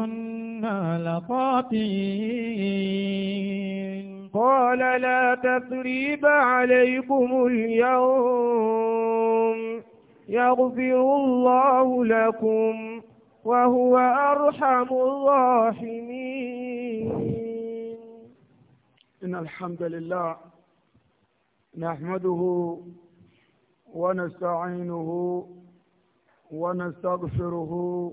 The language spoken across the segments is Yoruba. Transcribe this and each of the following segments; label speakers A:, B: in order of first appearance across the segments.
A: كنا لخاطئين قال لا تثريب عليكم اليوم يغفر الله لكم وهو أرحم الراحمين إن الحمد لله نحمده ونستعينه ونستغفره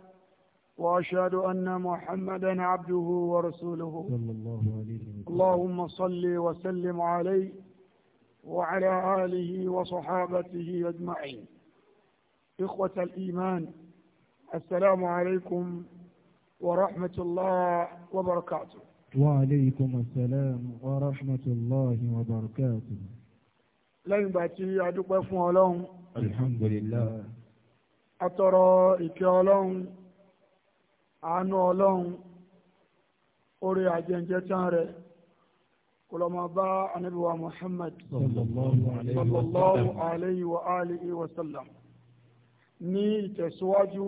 A: وأشهد أن محمدا عبده ورسوله صلى الله عليه اللهم صل وسلم عليه وعلى آله وصحابته أجمعين إخوة الإيمان السلام عليكم ورحمة الله وبركاته
B: وعليكم السلام ورحمة
A: الله وبركاته لن باتي أدوك بفو الحمد لله أترى إكي àánú ọlọ́run orí àjẹjẹ tán rẹ̀ kó lọ máa bá anábíwá Muhammad sallallahu alayhi wa alihi wa sallam ní ìtẹ̀síwájú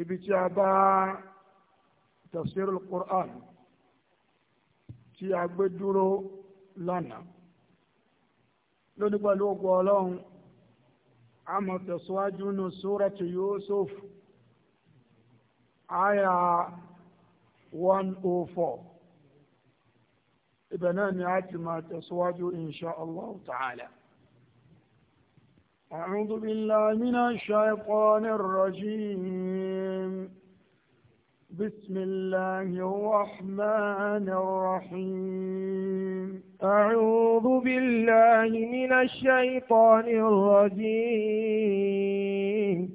A: ibi tí a bá tafsirul Qur'an tí a gbé dúró lánàá lónìí pẹ̀lú òkú ọlọ́run a máa tẹ̀síwájú nù sóràtì Yusuf àyà one oh four ibẹ̀ náà ni a ti máa tẹ̀síwájú insha allah ta'ala. أعوذ بالله من الشيطان الرجيم بسم الله الرحمن الرحيم أعوذ بالله من الشيطان الرجيم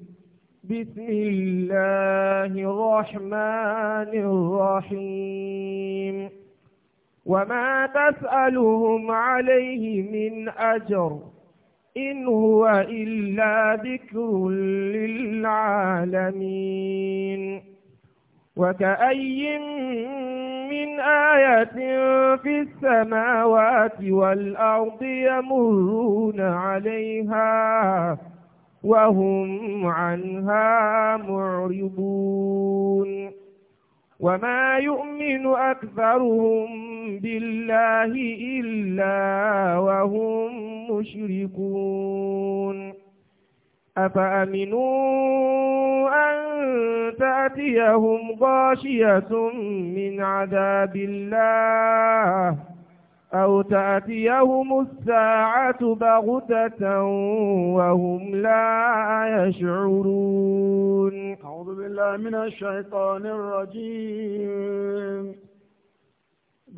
A: بسم الله الرحمن الرحيم وما تسألهم عليه من أجر إن هو إلا ذكر للعالمين وكأي من آية في السماوات والأرض يمرون عليها وهم عنها معرضون وما يؤمن أكثرهم بالله إلا وهم مشركون أفأمنوا أن تأتيهم غاشية من عذاب الله أو تأتيهم الساعة بغتة وهم لا يشعرون أعوذ بالله من الشيطان الرجيم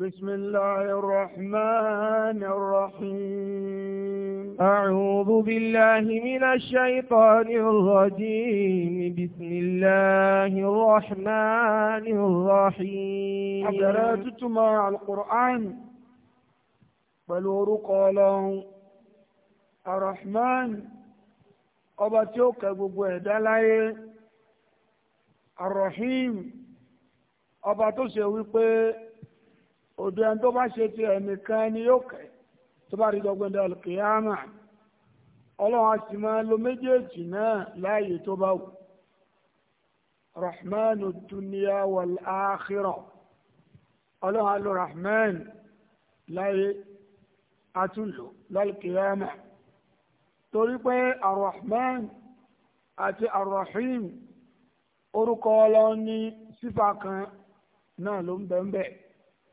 A: بسم الله الرحمن الرحيم أعوذ بالله من الشيطان الرجيم بسم الله الرحمن الرحيم حضرات تمع القرآن فالورق له الرحمن قبتك ببهد لي الرحيم أبا تسوي ọ̀dọ̀ tó bá ṣe ti ẹnìkan ẹni yóò kẹ́ tó bá rí dọ́gbọ́n dá alùkìyàmà ọlọ́run á máa lo méjèèjì náà láàyè tó bá wù rahman dunya wal akhirah ọlọ́run á rahman láyé àtúnlò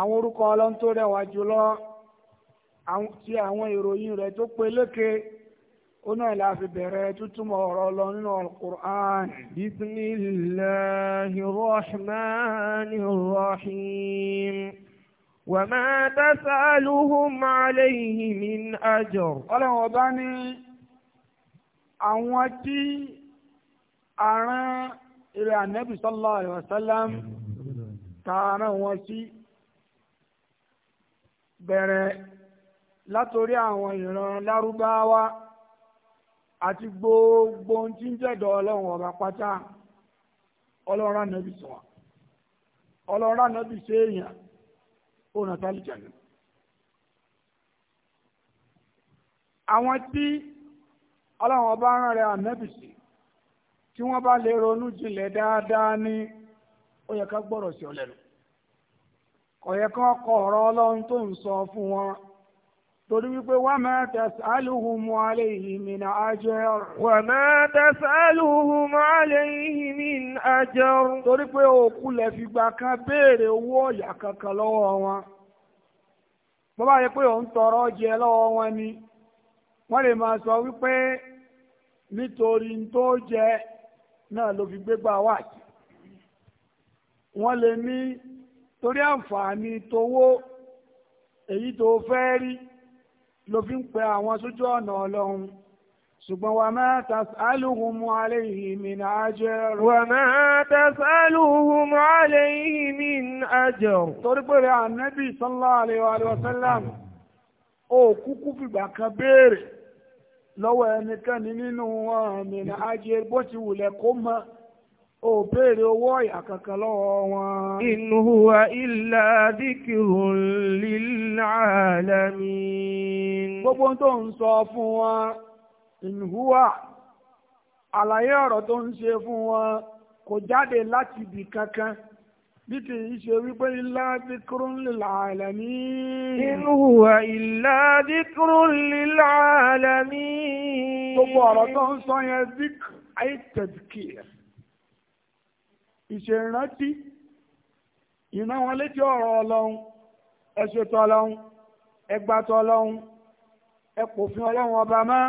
A: àwọn orúkọ ọlọ́run tó rẹwà jùlọ ti àwọn ìròyìn rẹ̀ tó pé lékè ona ilà fi bẹ̀rẹ̀ tútúmọ̀ ọ̀rọ̀ lọ nínú alukur'an. bisimilahi rahmani rahim. wàmà tasaluhum alayhi min ajr. ọlọ́run ọba ní àwọn tí àrùn ìrẹ̀ ànẹ́bí sallallahu tààrà wọn sí. bẹ̀rẹ̀ látòrí àwọn ìran lárúbáwá àti gbogbo ohun tí ń jẹ̀dọ̀ ọlọ́run ọba pátá ọlọ́run ànábì sọ̀wọ́ ọlọ́run ànábì ṣe èèyàn òun àtàlìjànù. àwọn tí ọlọ́run ọba rán rẹ ànábì sí tí wọ́n bá lè ronú jinlẹ̀ dáadáa ní ó yẹ ká gbọ́rọ̀ sí ọ lẹ́nu. kọ̀yẹ kan kọ ọ̀rọ̀ ọlọ́run tó ń sọ fún wọn torí wípé wà máa tas'aluhum alayhi min ajr. wà máa tas'aluhum alayhi min ajr. torí pé òkú lè fi gbà kan béèrè owó ọ̀yà kankan lọ́wọ́ wọn. bó bá yẹ pé òun tọrọ jẹ lọ́wọ́ wọn ni wọ́n lè máa sọ wípé nítorí tó jẹ náà ló fi gbégbá wáàtì. wọ́n lè ní torí àǹfààní tówó èyí tó fẹ́ rí ló fi ń pẹ àwọn sójú ọ̀nà ọlọ́run ṣùgbọ́n wà máa tas'aluhum alayhi min ajr. wà máa tas'aluhum alayhi min ajr. torí pé rẹ̀ ànábì sallallahu alayhi wa sallam ó kúkú fìgbà kan béèrè lọ́wọ́ ẹnikẹ́ni nínú wọn min ajr bó ti wùlẹ̀ kó mọ́ ó béèrè owó ọ̀yà kankan lọ́wọ́ wọn. in huwa illa dhikrun lil alamin. gbogbo tó ń sọ fún wọn in huwa àlàyé ọ̀rọ̀ tó ń ṣe fún wọn kò jáde láti ibì kankan bí kì í ṣe wípé illa dhikrun lil alamin. in huwa illa dhikrun gbogbo ọ̀rọ̀ tó ń sọ yẹn dík àìtẹ̀dìkì rẹ̀ ìṣèrántí ìná wọn létí ọ̀rọ̀ ọlọ́run ẹ̀ṣètò ọlọ́run ẹgbàtọ̀ ọlọ́run ẹpòfin ọlọ́run ọba mọ́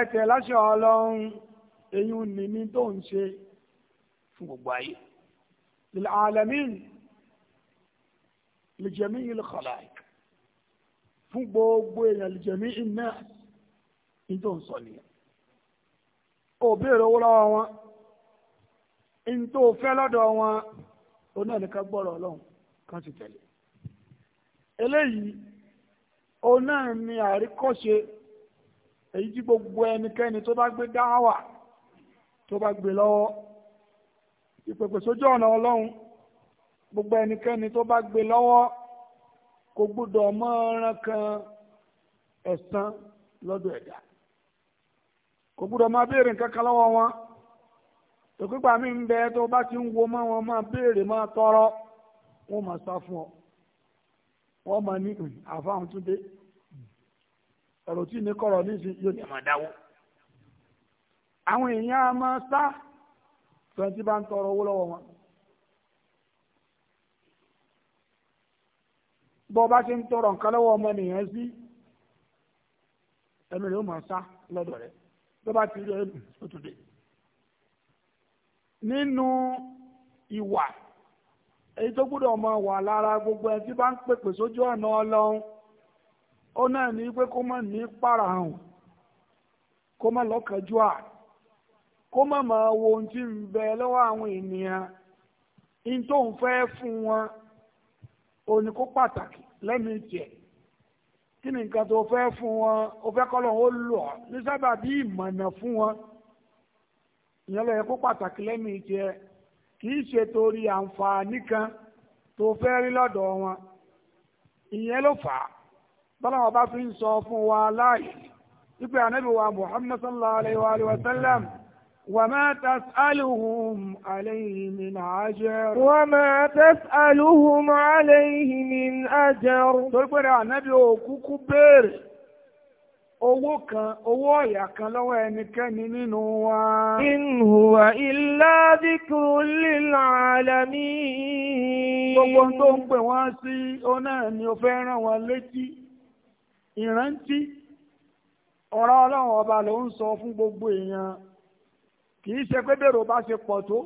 A: ẹtẹ̀ láṣẹ ọlọ́run èyí ò ní ní tó ń ṣe fún gbogbo ayé lil alamin li jami'il khalaiq fún gbogbo èèyàn li jami'in nas ní tó ń sọ nìyẹn ò béèrè owó lọ́wọ́ wọn n tó fẹ́ lọ́dọ̀ wọn oní ẹ̀nìkan gbọ́rọ̀ ọlọ́run kan sì tẹ̀lé eléyìí òun náà ni àríkọ́ṣe èyí tí gbogbo ẹnikẹ́ni tó bá gbé dáwà tó bá gbé lọ́wọ́ ìpèpè sójú ọ̀nà ọlọ́run gbogbo ẹnikẹ́ni tó bá gbé lọ́wọ́ kò gbúdọ̀ mọ́ọ́rán kan ẹ̀san lọ́dọ̀ ẹ̀dá kò gbúdọ̀ máa béèrè nǹkan kan lọ́wọ́ wọn tòkípa mi ń bẹ tó bá ti ń wo mọ́ wọn máa béèrè máa tọrọ wọ́n máa sá fún ọ wọ́n máa ní hmm, àfáhùn tún dé ọ̀rọ̀ tí ní kọ̀rọ̀ níṣẹ́ yóò ní máa dáwó. àwọn èèyàn á máa sá twenty bá ń tọrọ owó lọ́wọ́ wọn. bọ́ bá ti ń tọrọ nǹkan lọ́wọ́ ọmọ nìyẹn sí ẹnu rẹ̀ ó máa sá lọ́dọ̀ rẹ̀ tó bá ti rí ẹ̀ ó tún dé nínú ìwà èyí tó gbọ́dọ̀ máa wà lára gbogbo ẹni tí bá ń pèpè sójú ọ̀nà ọlọ́run ó náà ní pé kó má ní pàràhàn kó má lọ́kànjú à kó má máa wo ohun tí ń bẹ lọ́wọ́ àwọn ènìyàn in tó ń fẹ́ fún wọn ó kó pàtàkì lẹ́nu tiẹ̀ kí ni nǹkan tó fẹ́ fún wọn ó fẹ́ kọ́ lọ́wọ́ ó lò ní sábà bí ìmọ̀nà fún wọn ìyẹn lọ yẹ kó pàtàkì lẹ́mìí tiẹ̀ kì í ṣe torí àǹfààní kan tó fẹ́ rí lọ́dọ̀ wọn ìyẹn ló fà á bọ́láwọ́ bá fi ń sọ fún wa láàyè wípé ànábì wa muhammad sallallahu alayhi wa sallam wa ma tas'aluhum alayhi min ajr. wa ma tas'aluhum alayhi min ajr. torí pé ànábì ò béèrè owó kan owó ọ̀yà kan lọ́wọ́ ẹnikẹ́ni nínú wa. in huwa illa dhikrun gbogbo tó ń pè wọ́n sí ọ̀nà ni ó fẹ́ rán wọn létí ìrántí ọ̀rọ̀ ọlọ́run ọba ló ń sọ fún gbogbo èèyàn kì í ṣe pé bèrò bá ṣe pọ̀ tó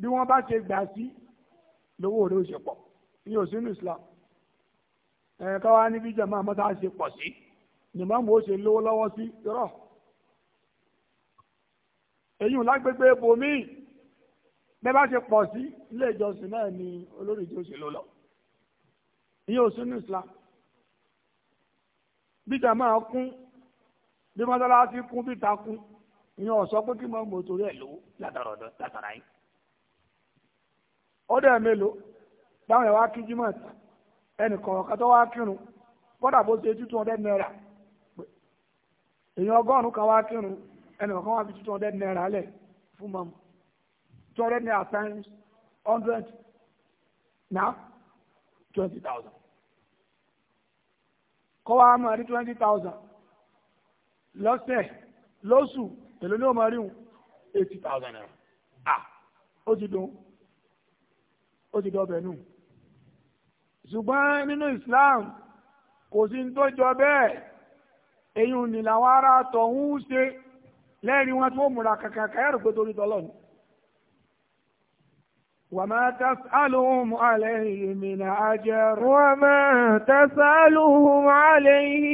A: bí wọ́n bá ṣe gbà sí lówó rẹ̀ ó ṣe pọ̀ ní òsínú Islam ẹ̀ka wa níbi jẹ̀mọ́ àmọ́ta ṣe pọ̀ sí nìmọ̀mù ó ṣe lówó lọ́wọ́ sí irọ́ èyí ò lágbègbè bòmíì bẹ́ẹ̀ bá ṣe pọ̀ sí ilé ìjọsìn náà ni olórí ìjọ ṣe ló lọ ìyẹn ò sínú Islam bíjà máa kún bí mọ́tàláṣí kún bíta kún ìyẹn ò sọ pé kí mọ́mù ó torí ẹ̀ lówó
B: látàrọ̀dọ̀ látàrà yìí
A: ọdẹ mélòó táwọn ẹ̀ wá kí jimá ẹnì kọ̀ọ̀kan tó wá kírun kọ́dà bó ṣe two hundred naira èèyàn ọgọ́rùn-ún kan wá kírun ẹnì kan wá fi two hundred naira lẹ̀ fún mọ́mù two hundred naira times hundred now twenty thousand kọ́ wa máa rí twenty thousand lọ́sẹ̀ lóṣù èlò ní ọmọ ríhun eighty thousand naira ah ó ti dùn ó ti dọ̀bẹ̀ nù ṣùgbọ́n nínú Islam kò sí ní tó jọ bẹ́ẹ̀. èyí ò ní làwọn ará tọ̀hún ṣe lẹ́rìí wọn tó múra kankan káyàrò pé torí tọ́lọ́ ni. وما تسألهم عليه من أجر وما تسألهم عليه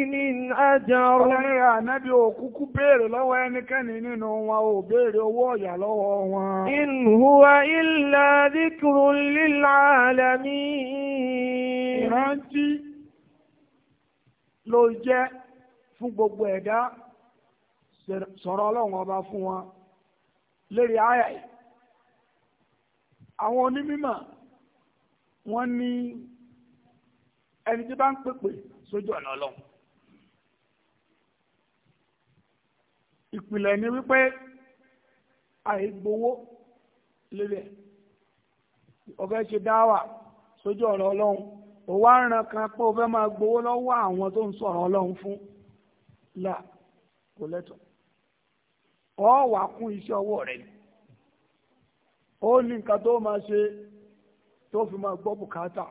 A: òkúkú béèrè lọ́wọ́ ẹnikẹ́ni nínú wọn ò béèrè owó ọ̀yà lọ́wọ́ wọn. إن هو ìrántí ló fún gbogbo ẹ̀dá sọ̀rọ̀ ọlọ́run ọba fún wọn lérí àyà yìí àwọn onímọ̀ wọ́n ní ẹni tí bá ń pèpè sójú ọ̀nà ọlọ́run ìpìlẹ̀ ni wípé àìgbowó lérí ẹ̀ ọ̀fẹ́ ṣe dáwà sójú ọ̀rọ̀ ọlọ́run kan pé o máa gbowó lọ́wọ́ àwọn tó ń sọ̀rọ̀ fún là kò lẹ́tọ̀ ọ wà kún iṣẹ́ ọwọ́ rẹ̀ ni ó ní nǹkan tó máa ṣe tó fi máa gbọ́ bùkátà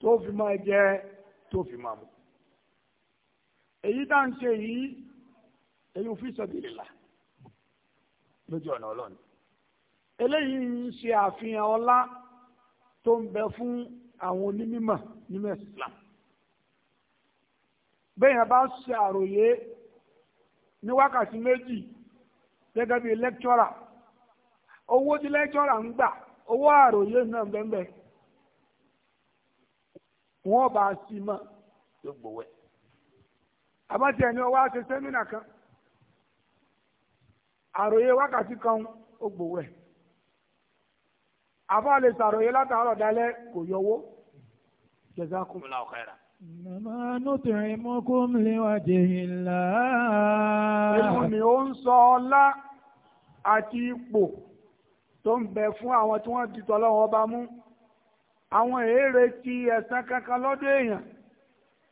A: tó fi máa jẹ tó fi máa mu èyí tá ń ṣe yìí èyí ò fi sabilillah
B: lójú ọ̀nà ọlọ́run
A: eléyìí ń ṣe àfihàn ọlá tó ń bẹ fún àwọn onímọ̀ nínú ẹ̀sìn Islam. bẹ́yìn bá ṣe àròyé ní wákàtí méjì gẹ́gẹ́ bí lẹ́kítọ́rà owó tí lẹ́kítọ́rà ń gbà owó àròyé náà bẹ́ẹ̀ wọ́n bá a sí mọ́ yóò gbowó àbájá ẹni ọwọ́ àti kan àròyé wákàtí kan ó gbowó ẹ̀. àbá lè ṣàròyé látàárọ̀ dálẹ́ kò yọwó. Màmá Nútìrín mọ́kún léwájé ńlá. Èmù ni ó ń sọ ọlá àti ipò tó ń bẹ fún àwọn tí wọ́n ti tọ́lọ́wọ́ bá mú. Àwọn èrè ti ẹ̀san kankan lọ́dọ̀ èèyàn.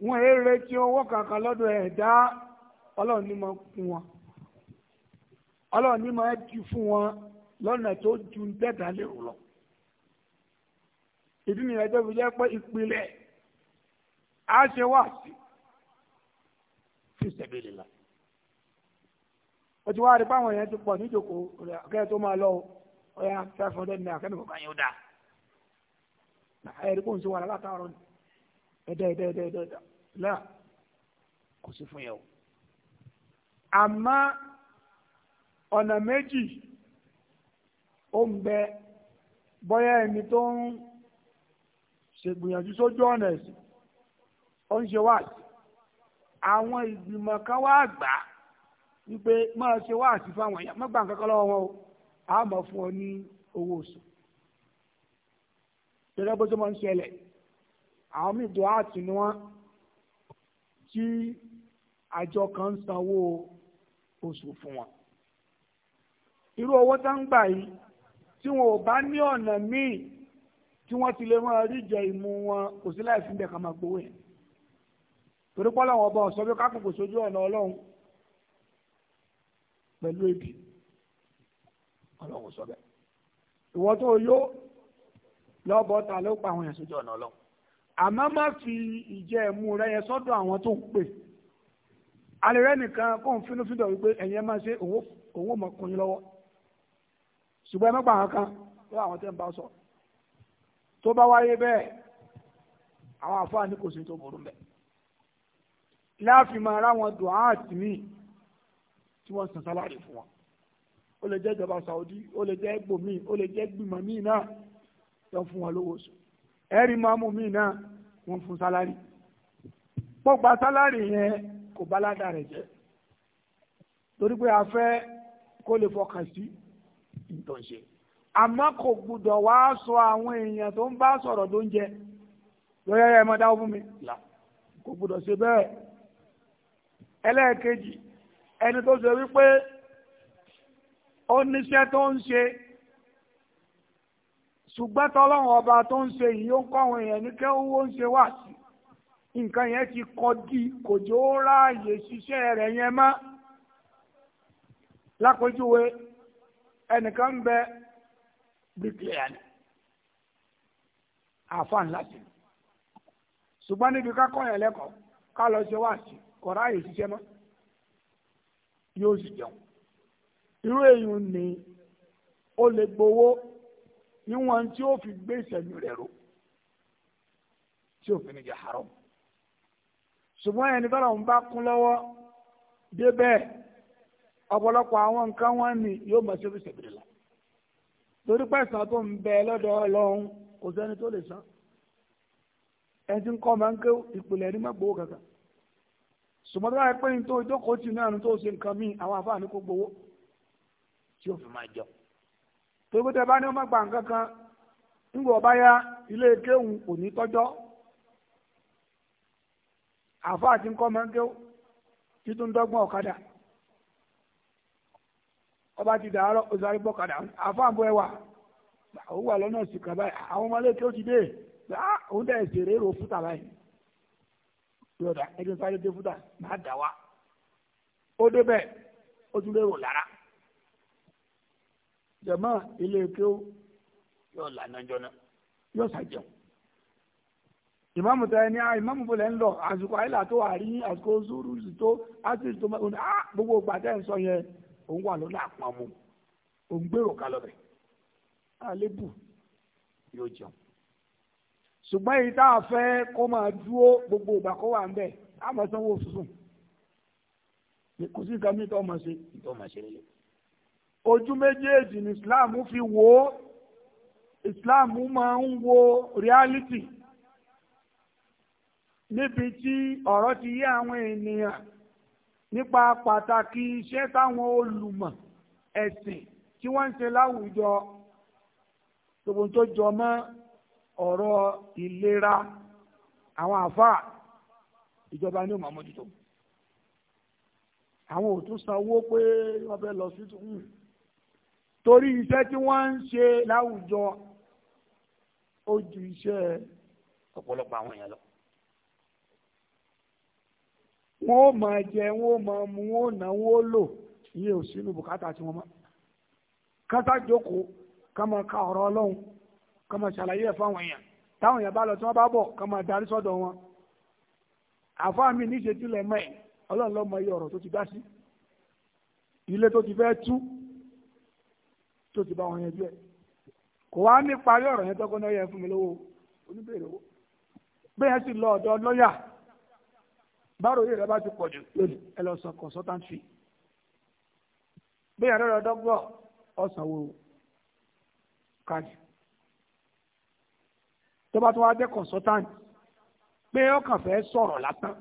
A: Wọ́n èrè ti owó kankan lọ́dọ̀ ẹ̀dá. Ọlọ́run ní máa kún wọn. Ọlọ́run ní máa ti fún wọn lọ́nà tó ju ń lérò lọ. Ìdí nìyẹn tó fi jẹ́ pé ìpìlẹ̀ a ṣe wá sí
B: fi sabilillah
A: o ti wá rí báwọn yẹn ti pọ̀ níjókòó ọ̀kẹ́ tó máa lọ ọ̀yà five hundred naira kẹ́mi kọ̀ọ̀kan yóò dáa ẹ̀rí kò ń ṣe wàhálà látàárọ̀ ni ẹ̀dá ẹ̀dá ẹ̀dá ẹ̀dá ẹ̀dá náà
B: kò sí fún yẹn o.
A: àmọ́ ọ̀nà méjì ó ń bẹ bọ́yá ẹni tó ń ṣègbìyànjú sójú ọ̀nà ẹ̀sìn ó ń ṣe wáàsí àwọn ìgbìmọ̀ kan wá gbà á wípé máa ṣe wáàsí fáwọn èèyàn má gbà nǹkan kan lọ́wọ́ wọn o a máa fún ọ ní owó oṣù gẹ́gẹ́ bó ṣe máa ń ṣẹlẹ̀ àwọn míì dùn áàtì ni wọ́n tí àjọ kan ń sanwó oṣù fún wọn irú owó tá ń gbà yìí tí wọn ò bá ní ọ̀nà míì tí wọ́n ti lè máa rí jẹ ìmú wọn kò sí láì fi ń bẹ̀ ká máa gbowó yẹn torí pọ́ lọ́wọ́ ọba ọ̀sọ́ bí kákòkò sójú ọ̀nà ọlọ́run pẹ̀lú ebi ọlọ́run sọ bẹ́ẹ̀ ìwọ tó yó lọ́bọ̀ ta ló pa àwọn èèyàn sójú ọ̀nà ọlọ́run àmọ́ má fi ìjẹ́ ẹ̀mú rẹ yẹn sọ́dọ̀ àwọn tó ń pè alẹ́rẹ́ nìkan kó ń fínú fídọ̀ wípé ẹ̀yin máa ṣe òun ò mọ̀ kún yín lọ́wọ́ ṣùgbọ́n ẹ̀mẹ́gbà àwọn kan lọ́wọ́ àwọn tẹ́ ń bá sọ tó bá wáyé bẹ́ẹ̀ àwọn àfáà ní tó burú bẹ́ẹ̀ láàfin máa ráwọn dùn áàtì míì tí wọ́n san sálárì fún wọn ó lè jẹ́ ìjọba Saudi ó lè jẹ́ ẹgbò míì ó lè jẹ́ gbìmọ̀ míì náà tó fún wọn lówó sùn ẹ̀rí mọ́mú míì náà wọ́n fún sálárì pọ́gbà sálárì yẹn kò bá ládàá rẹ̀ jẹ́ torí pé a fẹ́ kó lè fọkàn sí nǹkan àmọ́ kò gbúdọ̀ wá sọ àwọn èèyàn tó ń bá sọ̀rọ̀ lóúnjẹ lọ́yẹ́rẹ́ ẹ̀ mọ́ dáwọ́ fún mi kò gbúdọ̀ ṣe bẹ́ẹ̀. ẹlẹ́ẹ̀kejì ẹni tó ṣe wípé ó níṣẹ́ tó ń ṣe ṣùgbọ́n tọ́lọ́run ọba tó ń ṣe yìí ó ń kọ́ àwọn èèyàn ní kẹ́ owó ń ṣe wà sí nǹkan yẹn ti di kò ráàyè ṣiṣẹ́ rẹ̀ yẹn mọ́ ẹnìkan ń bẹ ni àfa ńlá sí ṣùgbọ́n níbi yẹn lẹ́kọ̀ọ́ ká lọ kọ̀ọ̀rọ̀ àyè ṣiṣẹ́ mọ́ si sì irú ni o lè gbowó níwọ̀n tí o fi gbé rẹ̀ tí ni jẹ́ haram ṣùgbọ́n ẹni bá làwọn bá kún lọ́wọ́ débẹ̀ ọ̀pọ̀lọpọ̀ àwọn nǹkan wọn ni yóò mọ̀ sí ìṣẹ̀bí rẹ̀ lọ torí pẹ̀sán tó ń bẹ lọ́dọ̀ ọlọ́run kò sẹ́ni tó lè san ẹni tí ń kọ́ máa ń ké ìpìlẹ̀ ní kankan ṣùgbọ́n tó bá yẹ pé ní tó ìjókòó tì náà ní tó ṣe nǹkan míì àwọn àfáà ní kó gbowó tí ó fi máa jọ tó tẹ bá ní ó má nǹkan kan nígbà ọba ya ilé kéwù kò ní tọ́jọ́ àfáà ti ń kọ́ máa ń kéwù títún dọ́gbọ́n ọ̀kadà ọba ti dàárọ̀ ó sáré bọ́ kadà àfáà bọ́ ẹ wà ó wà lọ́nà àwọn ọmọ ilé kéwù ti dé ah, òun dẹ̀ ṣèrè èrò fúta báyìí. lọ́dà ẹni sáré dé fúdà máa dà wá ó débẹ̀ ó tún lérò lára jẹ̀mọ́ ilé kéw
B: yóò lànà jọ́nà
A: yóò sàjẹun ìmáàmù tẹ ní ah, ìmáàmù ń lọ àsìkò àìlà tó àrí àsìkò zuru tó tó máa ah, ń gbogbo ìgbà ń sọ yẹn òun wà lọ́nà àpamọ́ òun gbèrò kálọ̀ ṣùgbọ́n èyí tá a fẹ́ kó máa dúró gbogbo ìgbà kó wà ń bẹ̀ á máa sanwó tuntun kò sí nǹkan mìíràn tó ṣe
B: tó máa ṣe lélẹ̀.
A: ojú méjèèjì ni Islam fi wo. Islam máa ń wo reality níbi tí ọ̀rọ̀ ti yé àwọn ènìyàn nípa pàtàkì iṣẹ́ táwọn olùmọ̀ ẹ̀sìn tí wọ́n ń ṣe láwùjọ tòun tó jọ mọ́ ọ̀rọ̀ ìlera àwọn àfáà ìjọba ní òmà mójútó àwọn ò tún sanwó pé wọ́n fẹ́ lọ sí tún hmm. torí iṣẹ́ tí wọ́n ń ṣe láwùjọ ó ju iṣẹ́ ọ̀pọ̀lọpọ̀ àwọn èèyàn lọ wọ́n ó máa jẹ wọ́n ó máa mu wọ́n ó náwó lò ìyẹn ò sínú bùkátà tí wọ́n mọ́ kátà jókòó ká máa ka ọ̀rọ̀ ọlọ́run kọ́ máa ṣàlàyé ẹ̀ fáwọn èèyàn táwọn èèyàn bá lọ tí wọ́n bá bọ̀ kọ́ darí sọ́dọ̀ wọn àfáà mi ní ìṣètú lẹ́mọ̀ ẹ̀ ọlọ́run ló mọ iye ọ̀rọ̀ tó ti dá sí ilé tó ti fẹ́ tú tó ti bá wọn yẹn jẹ́ kò wá ní parí ọ̀rọ̀ yẹn tọ́kọ́ náà yẹ fún mi lówó oníbèrè owó bẹ́ẹ̀ sì lọ ọ̀dọ̀ lọ́ọ̀yà báwo yìí rẹ bá ti pọ̀jù lónìí ẹ lọ san consultant fee bẹ́ẹ̀ rẹ lọ dọ́gbọ́ ọ̀sánwó káàdì tó bá tún wá jẹ́ consultant pé ọkàn fẹ́ sọ̀rọ̀ lásán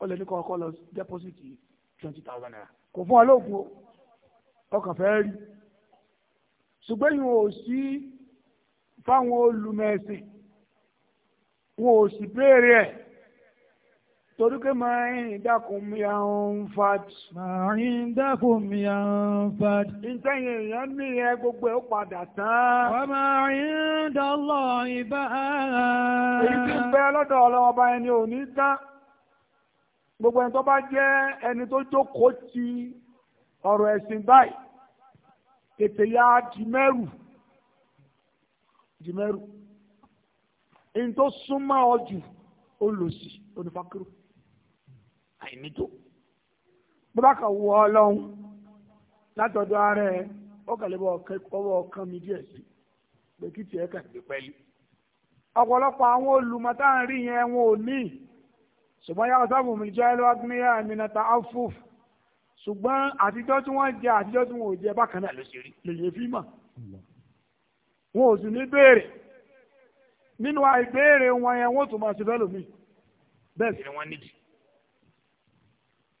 A: ó lè ní kọ́ ọkọ lọ deposit
B: twenty thousand naira
A: kò fún ọ lóògùn o ọkàn fẹ́ rí ṣùgbọ́n yìí ò sí fáwọn olùmẹ̀sìn wọn ò sì béèrè ẹ̀ torí pé máa ń dákun ya ń fat. máa ń dákun ya ń fat. ìtẹ̀yìn èèyàn ní ẹ gbogbo ẹ̀ ó padà tán. wọ́n máa ń dọ́lọ́ ìbá. èyí tí ń bẹ lọ́dọ̀ ọlọ́wọ́ bá ẹni ò ní tán. gbogbo ẹni tó bá jẹ́ ẹni tó jókòó ti ọ̀rọ̀ ẹ̀sìn báyìí tètè ya dìmẹ́rù dìmẹ́rù èyí tó súnmọ́ ọ jù ó lòsì àìnító bó bá kàn wọ ọlọ́run látọ̀dọ̀ ara ẹ ó kàn lè bọ̀ ọwọ́ kan mi díẹ̀ sí pé kí tiẹ̀ kàn gbé pẹ́lú ọ̀pọ̀lọpọ̀ àwọn olùmọ̀tá ń rí yẹn wọn ò ní ṣùgbọ́n yàrá sábà mi jẹ́ lọ́gbìnrin àmìnata afuf ṣùgbọ́n àtijọ́ tí wọ́n jẹ àtijọ́ tí wọ́n ò jẹ bákan náà lòṣèré fi mọ̀ wọn ò sì ní béèrè nínú àìbéèrè wọn yẹn wọ́n tún máa ṣe fẹ́ lómi bẹ́ẹ̀ sì ni wọ́n nídìí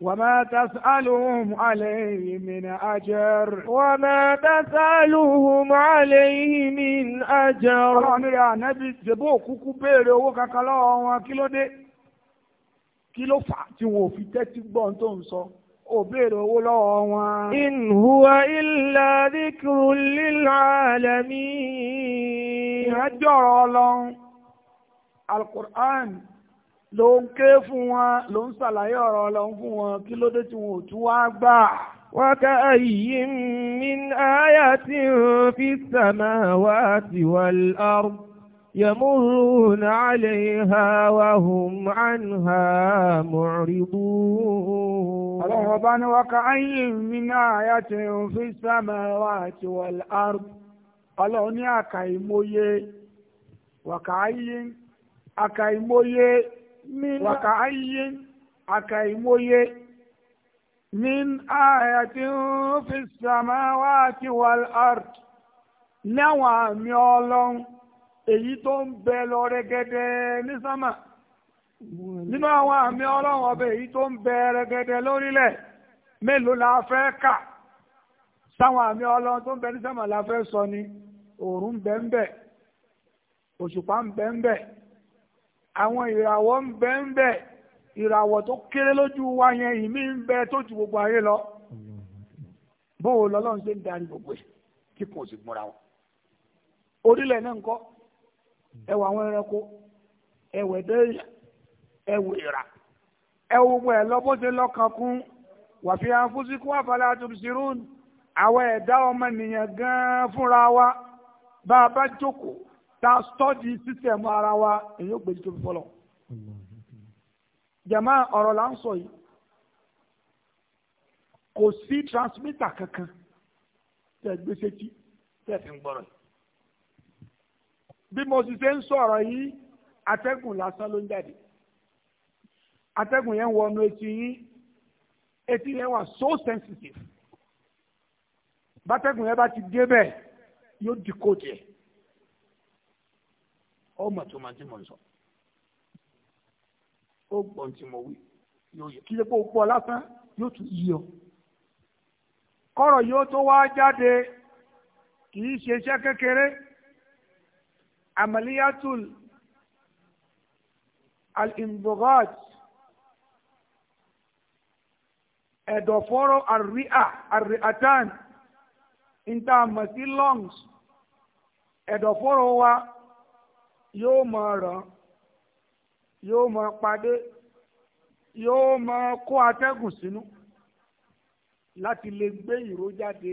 A: وما تسألهم عليه من أجر وما تسألهم عليه من أجر ọ̀rọ̀ rẹ̀ ànábì ṣèbó kúkú béèrè owó kankan lọ́wọ́ wọn kí ló dé kí ló fà tí wọn ò fi tẹ́tí gbọ́n tó ń sọ ò béèrè owó lọ́wọ́ wọn. in huwa illa dhikrun lil alamin. ìrẹ́jọ́ ọ̀rọ̀ ọlọ́run alukur'an ló ń ké fún wọn ló ń ṣàlàyé ọ̀rọ̀ ọlọ́run fún wọn kí ló dé tí wọn ò tún wá gbà. وكأين من آية في السماوات والأرض يمرون عليها وهم عنها معرضون الله ربنا وكأين من آية في السماوات والأرض الله ni àkàìmọye wàkàáyín àkàìmọye wàkà ayé àkà ìmòye min ayatin fi samawati wal ard náwọn àmì ọlọ́run èyí tó ń bẹ lọ rẹ́gẹ́dẹ́ ní sámà nínú àwọn àmì ọlọ́run ọbẹ̀ èyí tó ń bẹ rẹ́gẹ́dẹ́ lórílẹ̀ mélòó la fẹ́ kà sáwọn àmì ọlọ́run tó ń bẹ ní sámà la fẹ́ sọ ni òòrùn bẹ́ẹ̀ ń bẹ òṣùpá ń bẹ́ẹ̀ àwọn ìràwọ̀ ń bẹ ń bẹ ìràwọ̀ tó kéré lójú wa yẹn ìmí ń bẹ tó ju gbogbo ayé lọ bóò lọ́lọ́run ṣe ń darí gbogbo ẹ̀ kí kò sì gbọ́ra wọn. orílẹ̀ náà ń kọ́ ẹwà àwọn ẹranko ẹwẹ̀ dẹ́yà ẹwù ìrà ẹwù gbọ́ ẹ̀ lọ bó ṣe lọ́kàn kún wàfi àfúsíkú àfàlà àtúnṣirún àwọn ẹ̀dá ọmọnìyàn gan-an fúnra wa bá a bá jókòó tá a stọ́dì sísẹ̀mù ara wa èyí ò gbèjì tó fi fọlọ́ jẹ̀mọ́ ọ̀rọ̀ là ń sọ yìí kò sí transmitter kankan tẹ̀ gbèsè tí
B: tẹ̀ fi ń gbọ́rọ̀ yìí
A: bí mo sì ṣe ń sọ̀rọ̀ yìí atẹ́gùn lásán ló ń jáde atẹ́gùn yẹn wọnú etí yín etí yẹn wà so sensitive bátẹ́gùn yẹn bá ti débẹ̀ yóò di kóòtù yẹn ọmọ tó máa ti mọ̀ sọ
B: ó gbọ́n tí mo wí yóò yẹ
A: kí lè kó pọ̀ lásán yóò tún yí ọ kọ́rọ̀ yóò tó wá jáde kì í ṣe iṣẹ́ kékeré amaliyatul al-imbogat ẹ̀dọ̀fóró àríà àríàtàn lungs ẹ̀dọ̀fóró wa yóò máa ràn yóò máa padé yóò máa kó atẹ́gùn sínú láti lè gbé ìró jáde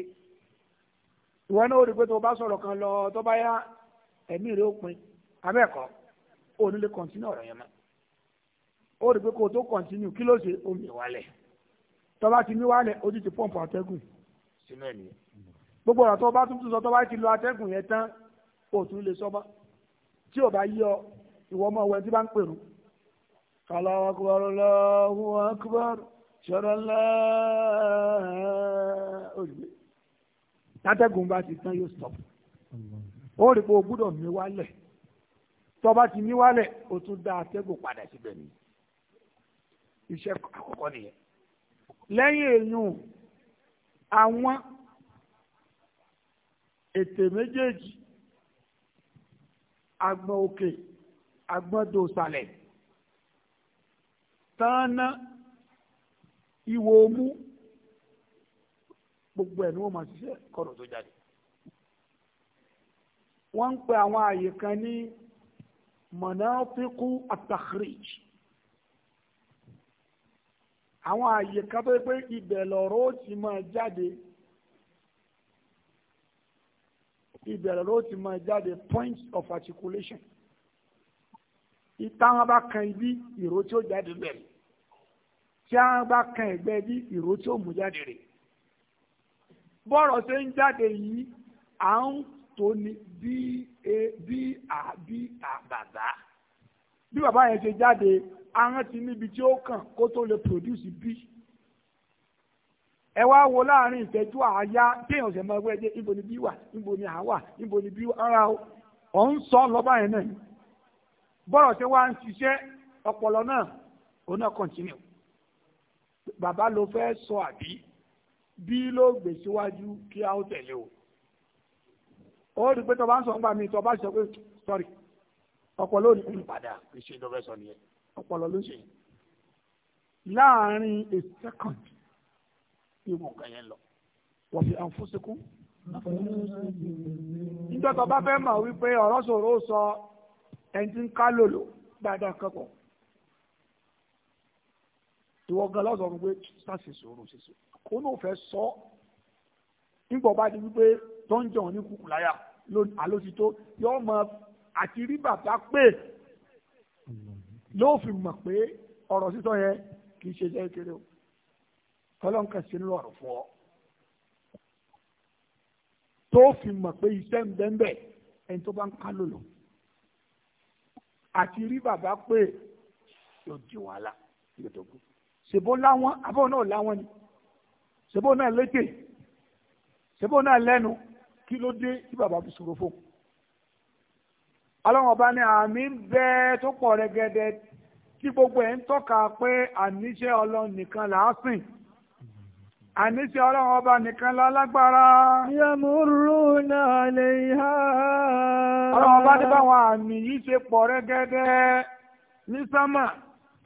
A: ìwọ náà ó rí i pé tó o bá sọ̀rọ̀ kan lọ tó bá yá ẹ̀mí rẹ̀ ó pin abẹ́ẹ̀kọ́ ó nílé kọ́ntínú ọ̀rọ̀ yẹn mọ́ ó rí i pé kó o tó kọ́ntínú kí ló ṣe omi ìwálẹ̀ tó bá ti ní wálẹ̀ ó ti ti pọ́ǹpù atẹ́gùn sínú ẹ̀ nìyẹn gbogbo ọ̀rọ̀ tó bá tún tún sọ tó bá ti lo atẹ́gùn yẹn tán ó tún lè sọ́mọ́ tí ò bá yí ọ ìwọ ọmọ ọwẹ tí bá ń pèrú. Allahu akbar Allahu akbar ṣọ́rọ́lá òrìlẹ̀. látẹ́gùn bá ti tán yóò stop. ó rí pé o gbúdọ̀ mí wálẹ̀ tó bá ti mí wálẹ̀ o tún dá atẹ́gùn padà síbẹ̀ ni. iṣẹ́
B: àkọ́kọ́ nìyẹn.
A: lẹ́yìn èèyàn àwọn ètè méjèèjì agbọ́n òkè agbọ́n dòsàlẹ̀ tánná ìwò mú gbogbo ẹ̀ ni wọ́n máa ṣiṣẹ́ kọ́rọ̀ tó jáde. wọ́n ń pe àwọn àyè kan ní mọ̀nàfíkú àtàkìrìj àwọn àyè kan tó pé ibẹ̀ lọ̀rọ̀ ó ti máa jáde ìbẹ̀rẹ̀ ló ti máa jáde points of articulation ìtàn bá kan ibi ìró tí ó jáde bẹ̀rẹ̀ tí a bá kan ẹ̀gbẹ́ bí ìró tí ó mú jáde rè bọ́ọ̀rọ̀ ṣe ń jáde yìí à ń tó ni bí e bí a bí a bàbá bí bàbá yẹn ṣe jáde ahọ́n ti níbi tí ó kàn kó tó lè produce bí. ẹ wá wo láàrin ìtẹ́jú àáyá téèyàn ṣe máa wẹ́ẹ́dẹ́ níbo ni bí wà níbo ni à wà níbo ni bí ara ọ̀ ń sọ lọ́ba yẹn náà bọ́rọ̀ tí ń ṣiṣẹ́ ọpọlọ náà òun bàbá ló fẹ́ sọ àbí bí ló gbè síwájú kí a o ó rí i sọ nípa mi pé ọpọlọ ní kúrò padà kì í ṣe a second yóò mú nǹkan yẹn lọ wọ́n fi àǹfóṣekún. nígbà tó bá fẹ́ mọ̀ wípé ọ̀rọ̀ sòro sọ ẹni tí ń ká lòlò dáadáa kẹ́kọ̀ọ́ ìwọ gan lọ́sọ̀ fún pé sáṣì sòro ṣèṣe kó náà fẹ́ sọ nígbà bá di wípé tó ń jẹun ní kúkú láyà àlóṣìṣó yóò mọ àti rí bàtà pé ló mọ̀ pé ọ̀rọ̀ sísọ yẹn kì í ṣe jẹ́ kéré o tọ́lọ́n kan sí lọ́rùn fún ọ tó fi mọ̀ pé iṣẹ́ ń bẹ́ẹ̀ bẹ́ẹ̀ ẹni tó bá ń ká lòlò àti rí bàbá pé
B: yóò di wàhálà yóò dogun
A: ṣèbó láwọn abọ́ náà láwọn ni ṣèbó náà létè ṣèbó náà lẹ́nu kí ló dé tí bàbá fi sọ̀rọ̀ fún ọlọ́run ọba ní àmì ń bẹ tó pọ̀ rẹ́gẹ́dẹ́ tí gbogbo ẹ̀ ń tọ́ka pé àníṣe ọlọ́run nìkan là á sìn àníṣe ọlọ́run ọba nìkan ọlọ́run ọba ní báwọn àmì yìí ṣe pọ̀ rẹ́gẹ́dẹ́ ní sámà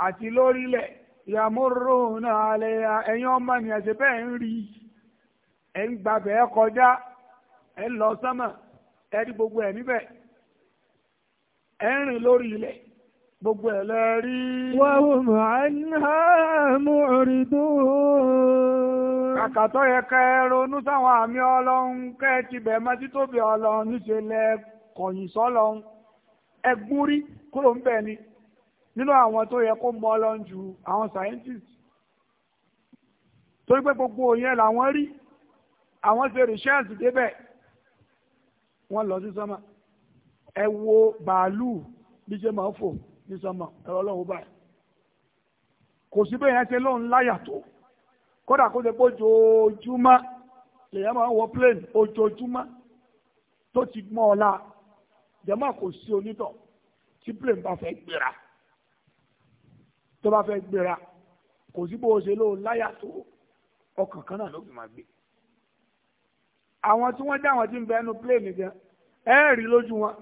A: àti lórílẹ̀ yamurruna alayha ẹ̀yin ọmọ ènìyàn ṣe bẹ́ẹ̀ ń rí ẹ̀ ń gbàgbẹ́ ẹ kọjá ẹ lọ sámà ẹ rí gbogbo ẹ̀ níbẹ̀ ẹ ń rìn gbogbo ẹ̀ kàkà tó yẹ kẹ́ ronú sáwọn àmì ọlọ́run kẹ́ ti bẹ̀ mọ́ títóbi ọlọ́run níṣẹ́ lẹ kọ̀yìn sọ́lọ́run ẹgbún rí kúrò ń bẹ̀ ni nínú àwọn tó yẹ kó mọ ọlọ́run ju àwọn scientists torí pé gbogbo òyìn làwọn rí àwọn ṣe rìṣẹ́ǹsì débẹ̀ wọ́n lọ sí sọ́mà ẹ wo bàálù bí ṣe máa ń fò ní sọ́mà ẹ̀rọ ọlọ́run báyìí kò sí bẹ́ẹ̀ yẹn ṣe lóun láyà tó kódà kó lè bójoojúmọ́ lèyàn máa ń wọ plane ojoojúmọ́ tó ti mọ́ ọ la jẹ́mọ́ kò sí onítọ̀ tí plane bá fẹ́ gbéra tó bá fẹ́ gbéra kò sí bó o ṣe ló láyà tó ọkàn kan náà ló fi máa gbé àwọn tí wọ́n dá àwọn tí ń bẹ ẹnu plane gan ẹ rí lójú wọn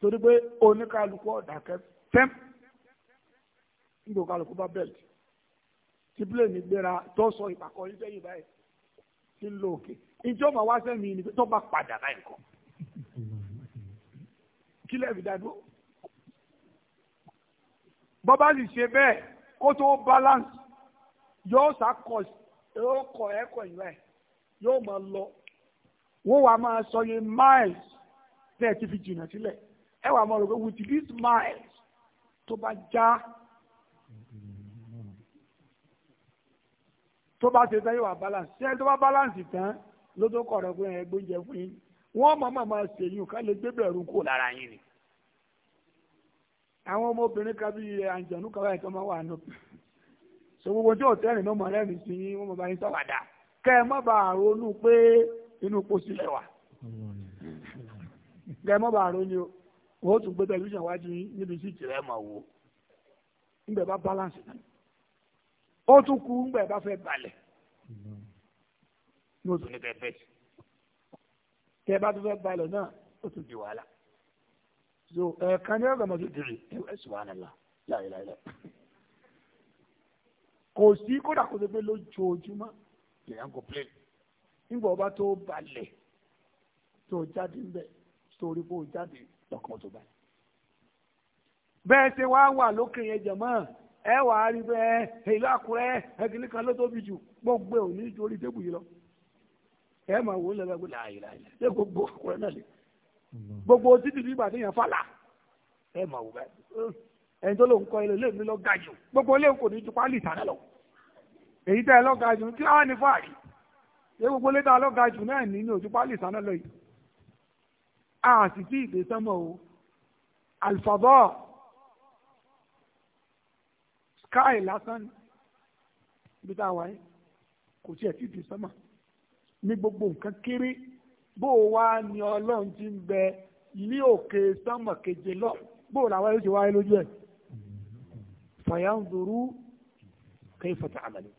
A: torí pé oníkálukú ọ̀dà kẹ tẹ́m nígbà kálukú bá bẹ̀rẹ̀ tí pílẹ̀nì gbéra tó sọ ìpàkọ́ yín sẹ́yìn báyìí ti ń lo òkè ìjọba wá sẹ́mi ni tó bá padà báyìí kọ́ kí lẹ́ẹ̀mí dádúró bọ́bá sì ṣe bẹ́ẹ̀ kó tó balance yóò sàkọ̀ yóò kọ̀ ẹ̀kọ́ ìwà ẹ̀ yóò máa lọ wọ́n wàá máa sọ yẹn miles tẹ́ ẹ ti fi jìnnà sílẹ̀ ẹ wàá máa rò with these miles tó bá já. tó bá ṣe tán yóò wá balance ṣé tó bá balance tán ló tó kọ̀rọ̀ pé ẹ gbóúnjẹ fún yín wọ́n mọ̀ mọ̀ máa ṣe yín ká lè gbé bẹ̀rù kó lára yín ni. àwọn ọmọbìnrin kan bíi àǹjọ̀nú kan báyìí tó máa wà nù. gbogbo tí òtẹ́rìn náà mọ̀ rẹ́rìn sí yín wọ́n mọ̀ bá yín sọ̀wádà kẹ́ ẹ mọ̀ o wọ́n tún gbé tẹlifíṣàn wájú yín níbi sí ìtìrẹ́ mọ̀ wò. ń ó tún kú ńgbà bá fẹ́ balẹ̀
B: ní oṣù ní kẹfẹ́
A: tẹ bá tún fẹ́ balẹ̀ náà ó tún di wàhálà so ẹ̀ẹ̀kan ní ọgbà mọ́tò dìrì ẹ̀ subhanallah láìláìlá kò sí kódà kó tó pé lójoojúmọ́ lèyàn kò plẹ̀ nígbà ọba tó balẹ̀ tó jáde ńbẹ torí kó jáde lọ́kàn tó balẹ̀ bẹ́ẹ̀ ṣe wá wà lókè yẹn jẹ̀mọ́ ẹ wà á rí bẹ́ẹ̀ ìlú àkúrẹ́ ẹgbẹ́ nìkan ló tóbi jù gbogbo ẹ̀ ò ní torí tébù yìí lọ ẹ mà wò lẹ́gbẹ́ gbé láàyè láàyè lé gbogbo àkúrẹ́ náà lé gbogbo títí bí ìbàdàn yẹn fàlà ẹ mà wò báyìí ẹni tó lóun kọ ilé ilé mi lọ ga jù gbogbo ilé kò ní ju pálí ìtàn lọ èyí tẹ́ ẹ lọ ga jù kí á ní fàárì ṣé gbogbo ilé tá a lọ ga jù náà ní ojú pálí ìtàn lọ yìí a sì sí ìgbésẹ̀ sky lásán ibi tá a wáyé kò tiẹ̀ tí di sánmà ní gbogbo nǹkan kéré bó o wá ní ọlọ́run ti ń bẹ ní òkè sánmà keje lọ bó o làwọn yóò ti wáyé lójú ẹ̀ fàyàǹdùrú kayfa ta'malu.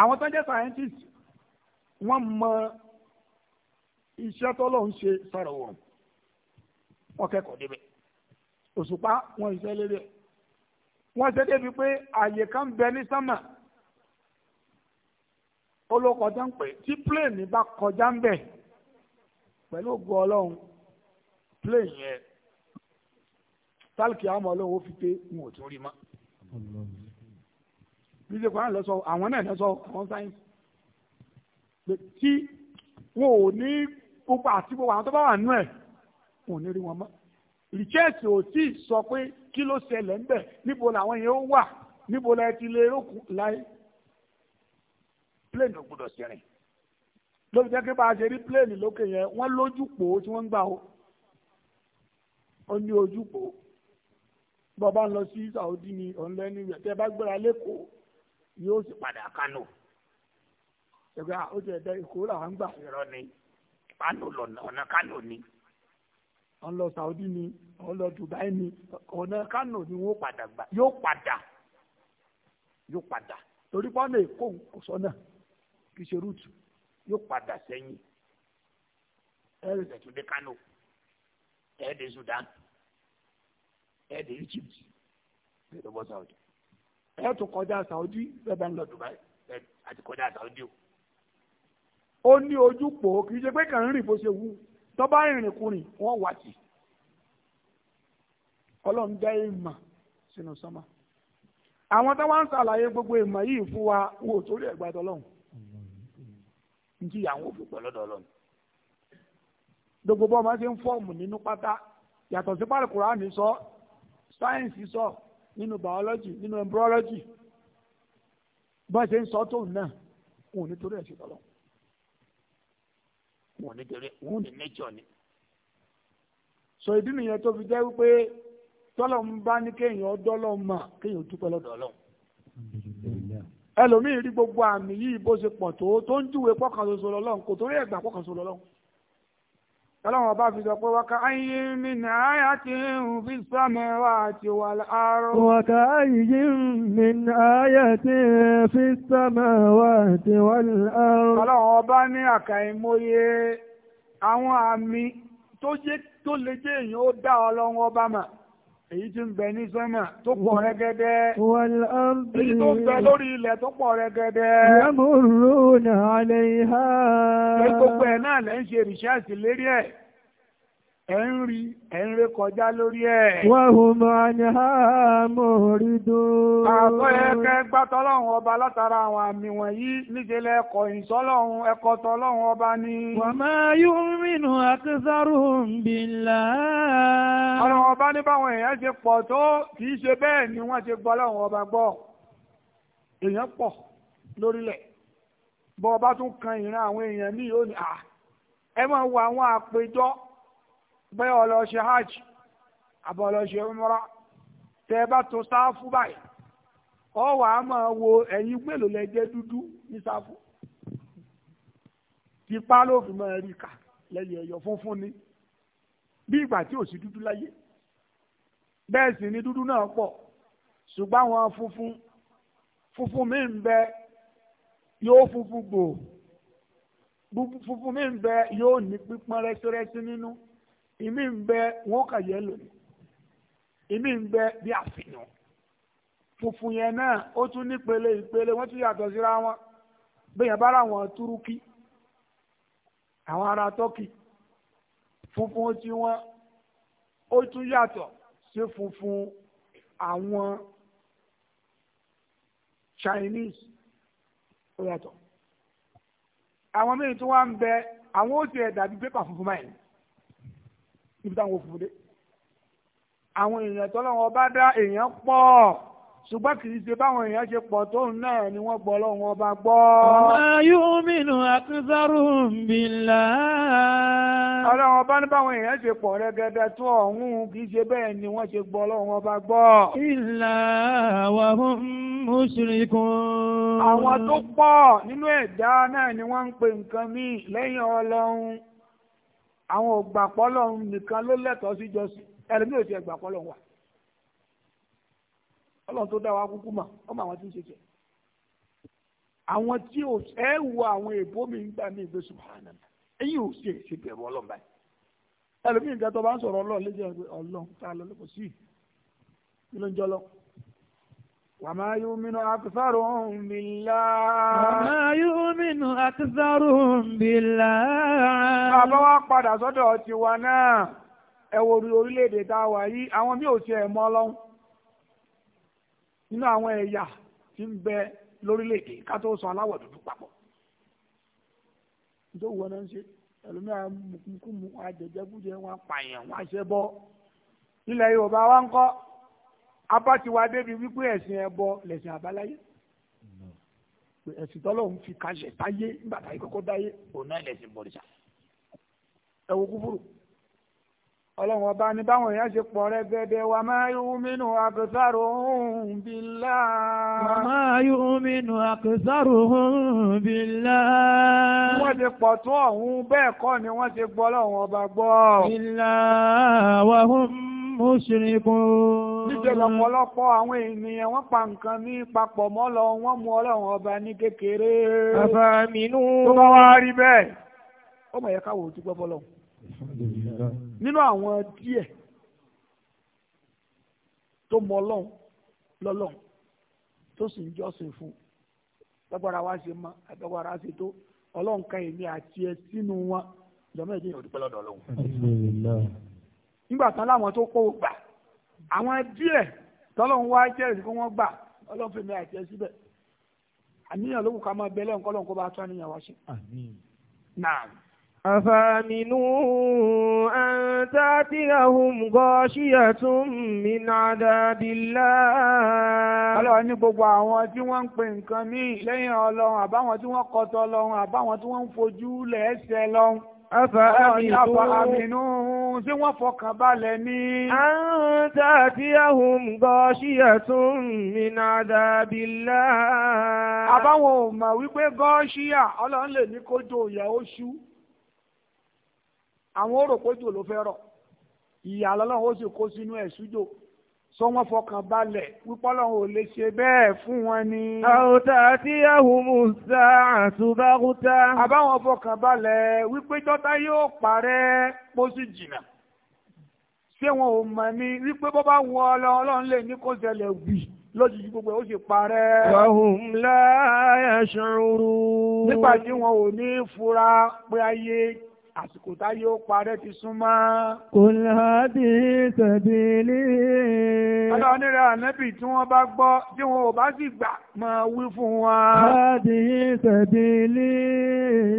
A: àwọn tó ń jẹ́ scientist wọ́n mọ iṣẹ́ tọ́lọ́run ṣe sára wọn wọ́n kẹ́kọ̀ọ́ débẹ̀ òṣùpá wọn iṣẹ́ lérí wọ́n ṣe débi pé àyè kan bẹ ní sánmà olókọjá ń pè tí plane bá kọjá ń bẹ̀ pẹ̀lú ògùn ọlọ́run plane yẹn tálkì àmọ́ ọlọ́run ó fi pé n ò tún rí mọ́ bí ṣe kọ́ra lọ sọ àwọn náà lọ sọ àwọn sáyẹ́nsì pé tí wọn ò ní gbogbo àti gbogbo àwọn tó bá wà nínú ẹ̀ wọn ò ní rí wọn mọ́ rìchẹ́ẹ̀sì ò tí ì sọ pé kí ló ṣẹlẹ̀ ńbẹ̀ níbo làwọn yẹn ó wà níbo la ti lè rókun láyé plane ò gbọdọ̀ sẹ́rìn lórí jẹ́ kí bá a ṣe rí plane lókè yẹn wọ́n lójú pò ó tí wọ́n ń gbà ó ó ní ojú pò ó bọ́ ń lọ sí Saudi ni ọ̀nlẹ́ ní ìwẹ̀ tẹ́ bá gbéra lẹ́kọ̀ọ́ yóò sì padà Kánò ṣùgbọ́n ah, ó ti ẹ̀dá Èkó làwọn ń gbà fẹ́ràn ni
B: Kánò lọ́nà ọ̀nà Kánò ni
A: ọ̀ lọ Saudi ni ọ̀ ń lọ Dubai ni ọ̀nà Kánò ni wọ́n padà gbà yóò padà yóò padà torí pọ́nà èkó kò sọ́nà kì í ṣe rúùtù
B: yóò padà sẹ́yìn ẹ̀ẹ́dẹ̀ tó dé ẹ̀ẹ́dẹ̀ Sudan ẹ̀ẹ́dẹ̀ Egypt ẹ̀ẹ́dẹ̀ bọ́ Saudi
A: ẹ̀ẹ́ tó kọjá Saudi bẹ́ẹ̀ bá ń lọ
B: Dubai ẹ̀ẹ́ kọjá Saudi o
A: ó ní ojúpọ̀ kì í ṣe pé kàn ń rìn bó ṣe wù tó bá rìnrìn kùnrin wọ́n wà tì ọlọ́run dá ìmọ̀ sínú sọ́mà àwọn tó wá ń ṣàlàyé gbogbo ìmọ̀ yìí fún wa wò torí ẹ̀gbà tọ́lọ́run
B: ní ti àwọn òfin pẹ̀lú ọlọ́run
A: gbogbo bọ́ọ̀ máa ṣe ń fọ́ọ̀mù nínú pátá yàtọ̀ sí pàrọ̀kùrá ní sọ sáyẹ́ǹsì sọ nínú biology nínú embryology bọ́ọ̀ ṣe ń sọ tóun náà òun nítorí ẹ̀ṣẹ̀ tọ́lọ́run
B: wọn nítorí wọn ò ní ni.
A: sọ ìdí nìyẹn tó fi jẹ́ wípé tọ́lọ̀ ń bá ní kéèyàn dọ́lọ̀ mà kéèyàn dúpẹ́ lọ́dọ̀ rí gbogbo àmì yìí bó ṣe pọ̀ tó tó ń júwe pọ́kàn ṣoṣo lọ́lọ́run kò torí ẹ̀gbà tọ́lọ́wọ́n bá fi sọ pé wákà ayé mi ní àyà tí ń fi sámẹ́wà àti wà láàárọ̀. wákà ayé mi ní àyà tí ń fi sámẹ́wà àti wà láàárọ̀. tọ́lọ́wọ́n bá ní àkàìmọye àwọn àmì tó lè jẹ́ èèyàn ó dá ọlọ́wọ́ bá mà èyí tí ń bẹ ní sánmà tó pọ̀ rẹ́gẹ́dẹ́ èyí tó ń bẹ lórí ilẹ̀ tó pọ̀ rẹ́gẹ́dẹ́ yamuruna alayha ẹ̀ ń rí ẹ̀ ń ré kọjá lórí ẹ̀. wọ́n hùn mọ́ ni a mọ̀ rí dùn. àtọ́ yẹ kẹ́ gbàtọ́lọ́hún ọba látara àwọn àmì wọ̀nyí níṣẹ́ lẹ ẹ̀kọ́ ìsọ́lọ́hún ẹ̀kọ́ tọ́lọ́hún ọba ni. wà máa yóò rìnnà akẹ́sàrò ńbìlá. ọ̀rọ̀ ọba ní báwọn èèyàn ṣe pọ̀ tó kì í ṣe bẹ́ẹ̀ ni wọ́n ṣe gbọ́ lọ́hún ọba gbọ́. èèyàn pọ̀ lórílẹ̀ bọ́ ọba tún kan ìran àwọn èèyàn ní ìhóni ẹ máa wo àwọn àpéjọ bẹ́ẹ̀ ó lọ ṣe hajj àbọ̀ lọ ṣe umra tẹ́ bá tó sáfù báyìí ọ wà á máa wo ẹ̀yin mélòó lẹ dúdú ní sáfù tipa ló fi máa rí kà lẹ́yìn ẹ̀yọ̀ funfun ni bí ìgbà tí ò sí dúdú láyé bẹ́ẹ̀ sì ni dúdú náà pọ̀ ṣùgbọ́n àwọn funfun funfun mi ń bẹ yóò funfun gbòò funfun mi ń bẹ yóò ní pípọ́n rẹ́sírẹ́sí nínú ìmí ń bẹ wọn kà yẹ lónìí ìmí ń bẹ bí àfihàn funfun yẹn náà ó tún nípele ìpele wọn tún yàtọ̀ síra wọn bẹ́ẹ̀ yẹn bá rà wọn àwọn ará tọ́kì funfun tí wọ́n ó tún yàtọ̀ sí funfun àwọn Chinese ó yàtọ̀ àwọn míì tí wọ́n ń bẹ àwọn ó ti ẹ̀ dàbí pépà funfun báyìí níbi táwọn òfin dé àwọn èèyàn tó lọ́wọ́ bá dá èèyàn pọ̀ ṣùgbọ́n kì í ṣe báwọn èèyàn ṣe pọ̀ tó náà ni wọ́n gbọ́ lọ́wọ́ ọba gbọ́. ọ̀nà yóò mìnú àkúzárù ọlọ́wọ́ bá ní báwọn èèyàn ṣe pọ̀ rẹ́gẹ́dẹ́ tó ọ̀hún kì í ṣe bẹ́ẹ̀ ni wọ́n ṣe gbọ́ lọ́wọ́ ọba gbọ́. ìlà wà fún mùsùlùkùn. àwọn tó pọ̀ nínú ẹ̀dá náà ni wọ́n ń pè nǹkan míì lẹ́yìn ọlọ́run àwọn ògbàpọ́lọ̀ nìkan ló lẹ́tọ̀ọ́ sí jọ́sìn ẹlẹ́mí ò ti ẹgbàpọ́lọ̀ wà ọlọ́run tó dá wa kúkú mà ọmọ àwọn tí ń ṣe jẹ àwọn tí ò ẹ wo àwọn èèbó mi ń gbà mí ìgbé subhana ẹ̀yin ò ṣe ṣe bẹ̀rù ọlọ́run báyìí ẹlẹ́mí nǹkan tó bá ń sọ̀rọ̀ ọlọ́run lé ọlọ́run tá a lọ lọ́kọ̀ sí ìlú ń jọ́ lọ́kọ̀ وما يؤمن أكثرهم بالله وما يؤمن أكثرهم بالله bàbá wa padà sọ́dọ̀ tiwa náà ẹ wo orílẹ̀-èdè tá a wà yìí àwọn bí ò tiẹ̀ mọ̀ Ọlọ́run nínú àwọn ẹ̀yà tí ń bẹ lórílẹ̀-èdè ká tó sọ aláwọ̀ dúdú papọ̀ nítorí wọn náà ń ṣe ẹlòmíràn mùkúmùkú mu wọn apààyàn wọn àṣẹbọ ilẹ̀ Yorùbá wa ń kọ́ abátiwa débi wípé ẹ̀sìn ẹbọ lẹ̀sìn àbáláyé ẹ̀sìn tọ́lọ̀ ń fi kàṣẹ táyé nígbà táyé kọ́kọ́ dáyé òun
B: náà lẹ̀sìn bọ̀rìṣà
A: ẹ wo kúfúrú ọlọ́run ọba ní báwọn èèyàn ṣe pọ̀ rẹ́gẹ́dẹ́ wa máa yu'minu aktharuhum billah. wa máa yu'minu aktharuhum billah. wọ́n ti pọ̀ tó ọ̀hún bẹ́ẹ̀ kọ́ ni wọ́n ti gbọ́ ọlọ́run ọba gbọ́. billah wa hum mushrikun. Níṣẹ́ lọ́pọ̀lọpọ̀ àwọn ènìyàn wọ́n pa nǹkan ní papọ̀ mọ́ lọ wọ́n mú ọlọ́run ọba ní kékeré. Àfàmínú. Tó bá wá rí bẹ́ẹ̀. Ó mọ̀ yẹ káwọ̀ ojú gbọ́ fọlọ́. Nínú àwọn díẹ̀ tó mọ ọlọ́run lọ́lọ́run tó sì ń jọ́sìn fún lágbára wa ṣe mọ àtọ́gbára ṣe tó ọlọ́run kan èmi àti ẹ sínú wọn ìjọba ìdíyàn ò dúpẹ́ nígbà tán láwọn tó kó gbà àwọn díẹ̀ tọ́lọ́run wá jẹ́rìí kó wọ́n gbà ọlọ́run fèmí àti ẹ síbẹ̀ àníyàn ló kù ká máa bẹ́lẹ̀ nǹkan lọ́nkọ́ bá tó àníyàn wá ṣe. Àfàmìnú àtàtìyàhùn gọ́ṣíyàtún min àdàbìlá. Ọlọ́run ní gbogbo àwọn tí wọ́n ń pè nǹkan ní lẹ́yìn ọlọ́run àbáwọn tí wọ́n kọtọ ọlọ́run àbáwọn tí wọ́n ń fojú lẹ́ẹ̀ṣẹ̀ lọ́run afàmìnú tí wọ́n fọkàn balẹ̀ ní. àǹtà tí ahùn gọ́ ṣíyà tún mìnà dàbílá. àbáwọn ò mà wípé gọ́ ṣíyà ọlọ́run lè ní kójó ìyà ó ṣú àwọn ó ló fẹ́ ìyà lọ́lọ́run sì kó sínú ẹ̀ sọ wọ́n fọkàn balẹ̀ wípé ọlọ́run ò lè ṣe bẹ́ẹ̀ fún wọn ni. àwòtá tí ahumu sa àtúbákúta. àbáwọn fọkàn balẹ̀ wípé jọ́tá yóò parẹ́ pósí jìnnà. ṣé wọn ò mọ̀ ni wípé bó bá wọ ọlọ́run lè ní kó ṣẹlẹ̀ wì lójijì gbogbo ẹ̀ ó sì parẹ́. wàhùn láyà ṣòro. nígbà tí wọn ò ní fura pé ayé àsìkò táyé ó parẹ́ ti súnmọ́. kò láti sẹ̀bìlì. ọlọ́run nírẹ̀ ànábì tí wọ́n bá gbọ́ tí wọn ò bá sì gbà máa wí fún wa. láti sẹ̀bìlì.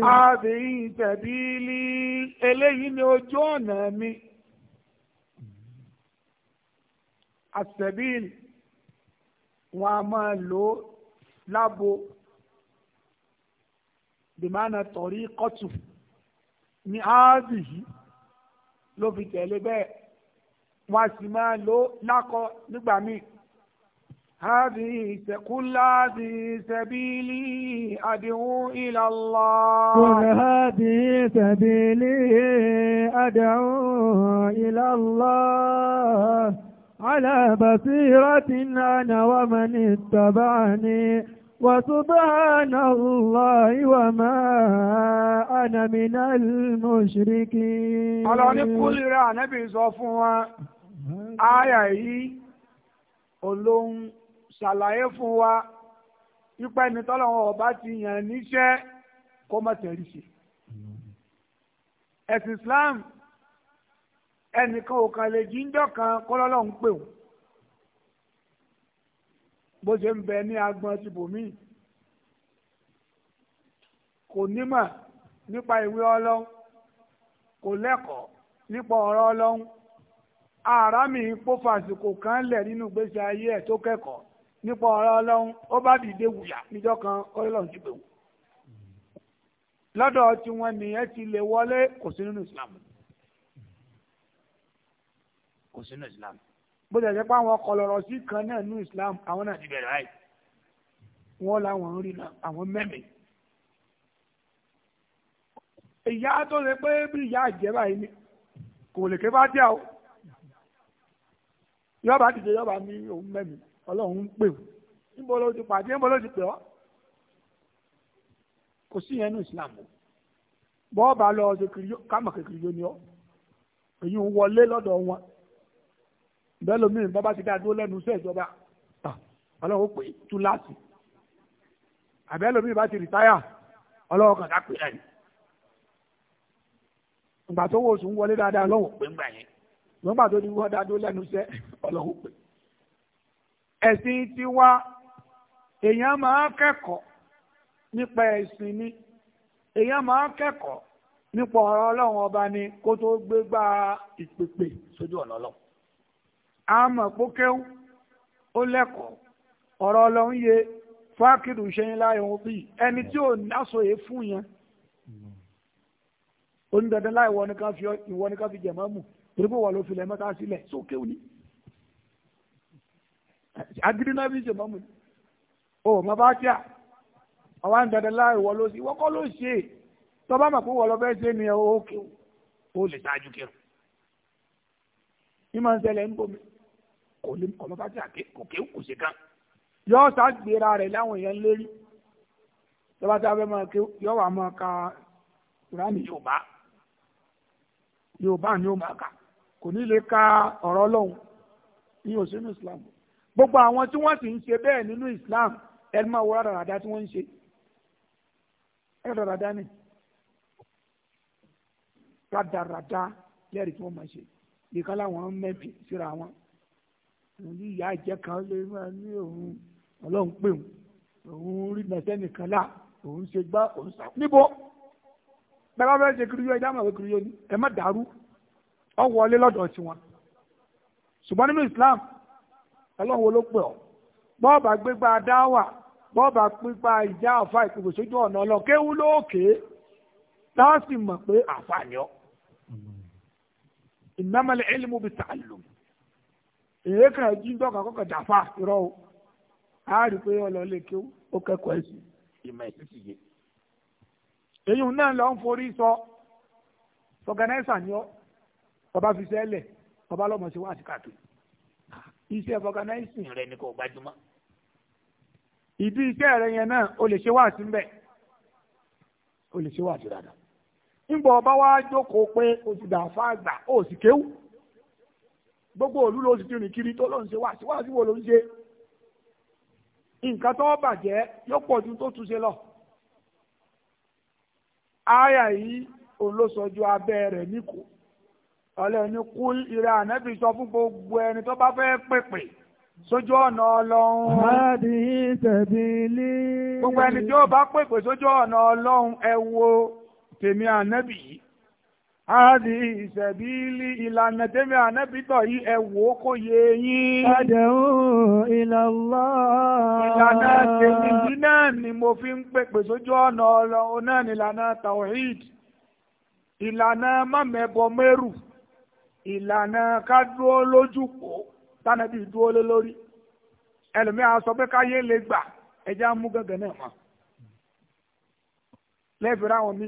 A: láti sẹ̀bìlì. eléyìí ni ojú ọ̀nà mi. àsẹ̀bìlì wọn a máa lò ó lábo bìmánà tọ̀rí kọ́tù ní áàdì yìí ló fi tẹ̀lé bẹ́ẹ̀ wọ́n a sì máa lò lákọ nígbà míì. هذه كل هذه سبيلي أدعو إلى الله قل هذه سبيلي أدعو إلى الله على بصيرة أنا ومن اتبعني وسبحان الله وما أنا من المشركين ọlọ́ni kúlìrà ànábì sọ fún wa àyà yìí olóhùn ṣàlàyé fún wa ipa ọba ti yàn níṣẹ́ kó má tẹ̀lé ṣe ẹ̀sìn Islam ẹnìkan ò kàn lè jíjọ́ kan kọ́lọ́lọ́ ń pè wọ́n bó ṣe ń bẹ ní agbọn ti bòmíì kò nímọ̀ nípa ìwé ọlọ́run kò lẹ́kọ̀ọ́ nípa ọ̀rọ̀ ọlọ́run ara mi kó fàsìkò kan lẹ̀ nínú ìgbésí ayé ẹ̀ tó kẹ́kọ̀ọ́ nípa ọ̀rọ̀ ọlọ́run ó bá dìde wùyà níjọ́ kan ọlọ́run ti gbèwò lọ́dọ̀ tí nìyẹn ti lè wọlé kò sí nínú
B: Islam kò sí nínú Islam
A: bó ṣe jẹ́ pé àwọn ọkọ̀ lọ́rọ̀ sí kan náà ní Islam àwọn náà ti bẹ̀rẹ̀ báyìí wọ́n láwọn ń rí àwọn mẹ́mẹ́ ìyá tó ṣe pé bí ìyá àjẹ́ báyìí ni kò lè ké bá díà o yọba ti ṣe yọba ní òun mẹ́mí ọlọ́run ń pè wọ́n níbo ló ti pàdé níbo ló ti pè ọ́ kò sí yẹn ní Islam o bọ́ọ̀bà lọ ṣe kiri kámọ̀ kékeré yóò ní ọ èyí ń wọlé lọ́dọ̀ wọn bẹ́ẹ̀ lómi bàbá ti dáa dúró lẹ́nu iṣẹ́ ìjọba ọlọ́wọ́ pé tú láti àbẹ́ lómi bá ti rìtáyà ọlọ́wọ́ kàkà pé ẹ̀ ìgbà tó wọ oṣù ń wọlé dáadáa ọlọ́wọ́ pé ńgbà yẹn nígbà tó ní wọ́n dáa dúró lẹ́nu iṣẹ́ ọlọ́wọ́ pé ẹ̀sìn tiwa èèyàn máa kẹ́kọ̀ọ́ nípa ẹ̀sìn ni èèyàn máa kẹ́kọ̀ọ́ nípa ọ̀rọ̀ ọlọ́run ọba ni kó tó gbégbá ìpèpè sójú ọ̀nà ọlọ́run àmọ̀ pókẹ́wù ó lẹ́kọ̀ọ́ ọ̀rọ̀ ọlọ́run yẹ fákìrù ṣẹyìn láyọ̀ wọn bíi ẹni tí ò násòye fún yẹn onídàdán láì wọ nìkan fi ìwọ nìkan fi jẹ̀mọ́ mù torí pé wọ́n ló filẹ̀ mẹ́ta sílẹ̀ sókè òní agídí náà fi jẹ̀mọ́ mù o mọ bá tíà ọwọ́ onídàdán láì wọ ló sí ìwọ kọ́ ló ṣe tọ́ba mọ̀ pé wọ́n lọ fẹ́ ṣe ni ó kéwù
B: ó lè ṣáájú kéwù
A: ìmọ̀ ń ń bomi kò lè kọ̀mọ́fà tí àké kò kéwù kò ṣe kan yóò sá gbéra rẹ̀ láwọn èèyàn lérí tọ́ba tí a fẹ́ máa kéwù yóò wà máa ka kùránì yorùbá yorùbá ni ó máa kà kò ní lè ka ọ̀rọ̀ ọlọ́run ní òsínú islam gbogbo àwọn tí wọ́n sì ń ṣe bẹ́ẹ̀ nínú islam ẹni máa wọ rádaràdá tí wọ́n ń ṣe rádaràdá ni rádaràdá lẹ́rìí tí wọ́n máa ṣe nìkan láwọn mẹ́bí síra wọn ní ìyá ìjẹ́ kan lè máa ní òun ọlọ́run pè òun òun rí nàṣẹ́ nìkan lá òun ṣe gbá òun sá níbo bẹ́ẹ̀ bá fẹ́ ṣe kiri yó ẹ dáhùn kiri yó ni ẹ má dàrú ọ wọlé lọ́dọ̀ tiwọn ṣùgbọ́n nínú Islam ọlọ́run wo ló pè ọ́ bọ́ọ̀bà gbégbá dáwà bọ́ọ̀bà pípa ìjà àfa ìpínlẹ̀ sójú ọ̀nà ọlọ́kéwú lóòkè láti mọ̀ pé àfa ni ọ́ mm-hmm. innamal ilmu bitta'allum èyí kan jí dọ́kà kọ́kọ́ jàfa irọ́ o a rí i pé ọlọ́lẹ̀ kí ó kẹ́kọ̀ọ́ ẹ̀sìn ìmọ̀ lọ ń forí sọ fọgànẹ́sà ni ọba fi sẹ́lẹ̀ ọba lọ́mọ sí wáàsí káàkiri iṣẹ́ fọgànẹ́sìn rẹ
B: ni kò gbajúmọ́
A: ìdí iṣẹ́ rẹ yẹn o lè ṣe wáàsí ń o lè ṣe ọba jókòó pé o ti dà gbogbo òlú ló ti rìn kiri tó ló ṣe wá sí wo ló ń ṣe nǹkan tó bàjẹ́ yóò pọ̀ ju tó túnṣe lọ. àyà yìí òun ló sọ ju abẹ́ rẹ̀ níkò ọlẹ́ni kú ìrẹ́ ànábì sọ fún gbogbo ẹni tó bá fẹ́ pèpè sójú ọ̀nà ọlọ́run. Hadi sabili. gbogbo ẹni tó bá pèpè sójú ọ̀nà ọlọ́run ẹ wo tèmi ànábì yìí. Adi ìṣẹ̀bílì ìlànà tẹ́mi ànẹ́bítọ̀ yìí ẹ̀wò kò yé yín. Ad'u ilana Ìlànà yìí náà ni mo fi ń pèpè sójú ọ̀nà ọlọ́run náà ni ìlànà Tawhid. Ìlànà mọ̀mẹ́bọ mẹ́rù. Ìlànà ká dúró lójú dúró lé lórí. a sọ pé káyé lè gbà ẹja mú gángan náà mọ̀. Lẹ́ẹ̀fẹ̀rẹ̀ àwọn mi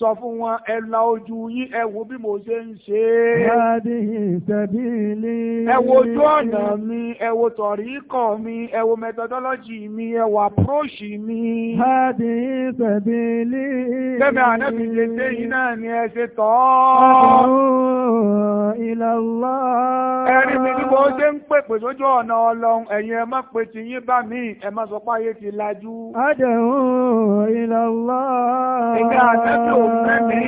A: sọ fún wọn ẹ la ojú yín ẹ wo bí mo ṣe ń ṣe é. Hadihi sabili. ẹ wo ojú ọ̀nà mi ẹ wo tọ̀ríkọ̀ mi ẹ wo methodology mi ẹ wo approach mi. Hadihi sabili. Bẹ́ẹ̀ni ànábì lè dé yìí náà ni ẹ ṣe tọ́. Àbúrò ila Allah. Ẹ̀rí mi ni mo ṣe ń pèpè sójú ọ̀nà ọlọ́run ẹ̀yin ẹ má pe ti yín bá mi ẹ má sọ pé ayé ti lajú. Àdéhùn ila Allah. Ìgbà àtẹ́tò ẹ̀mí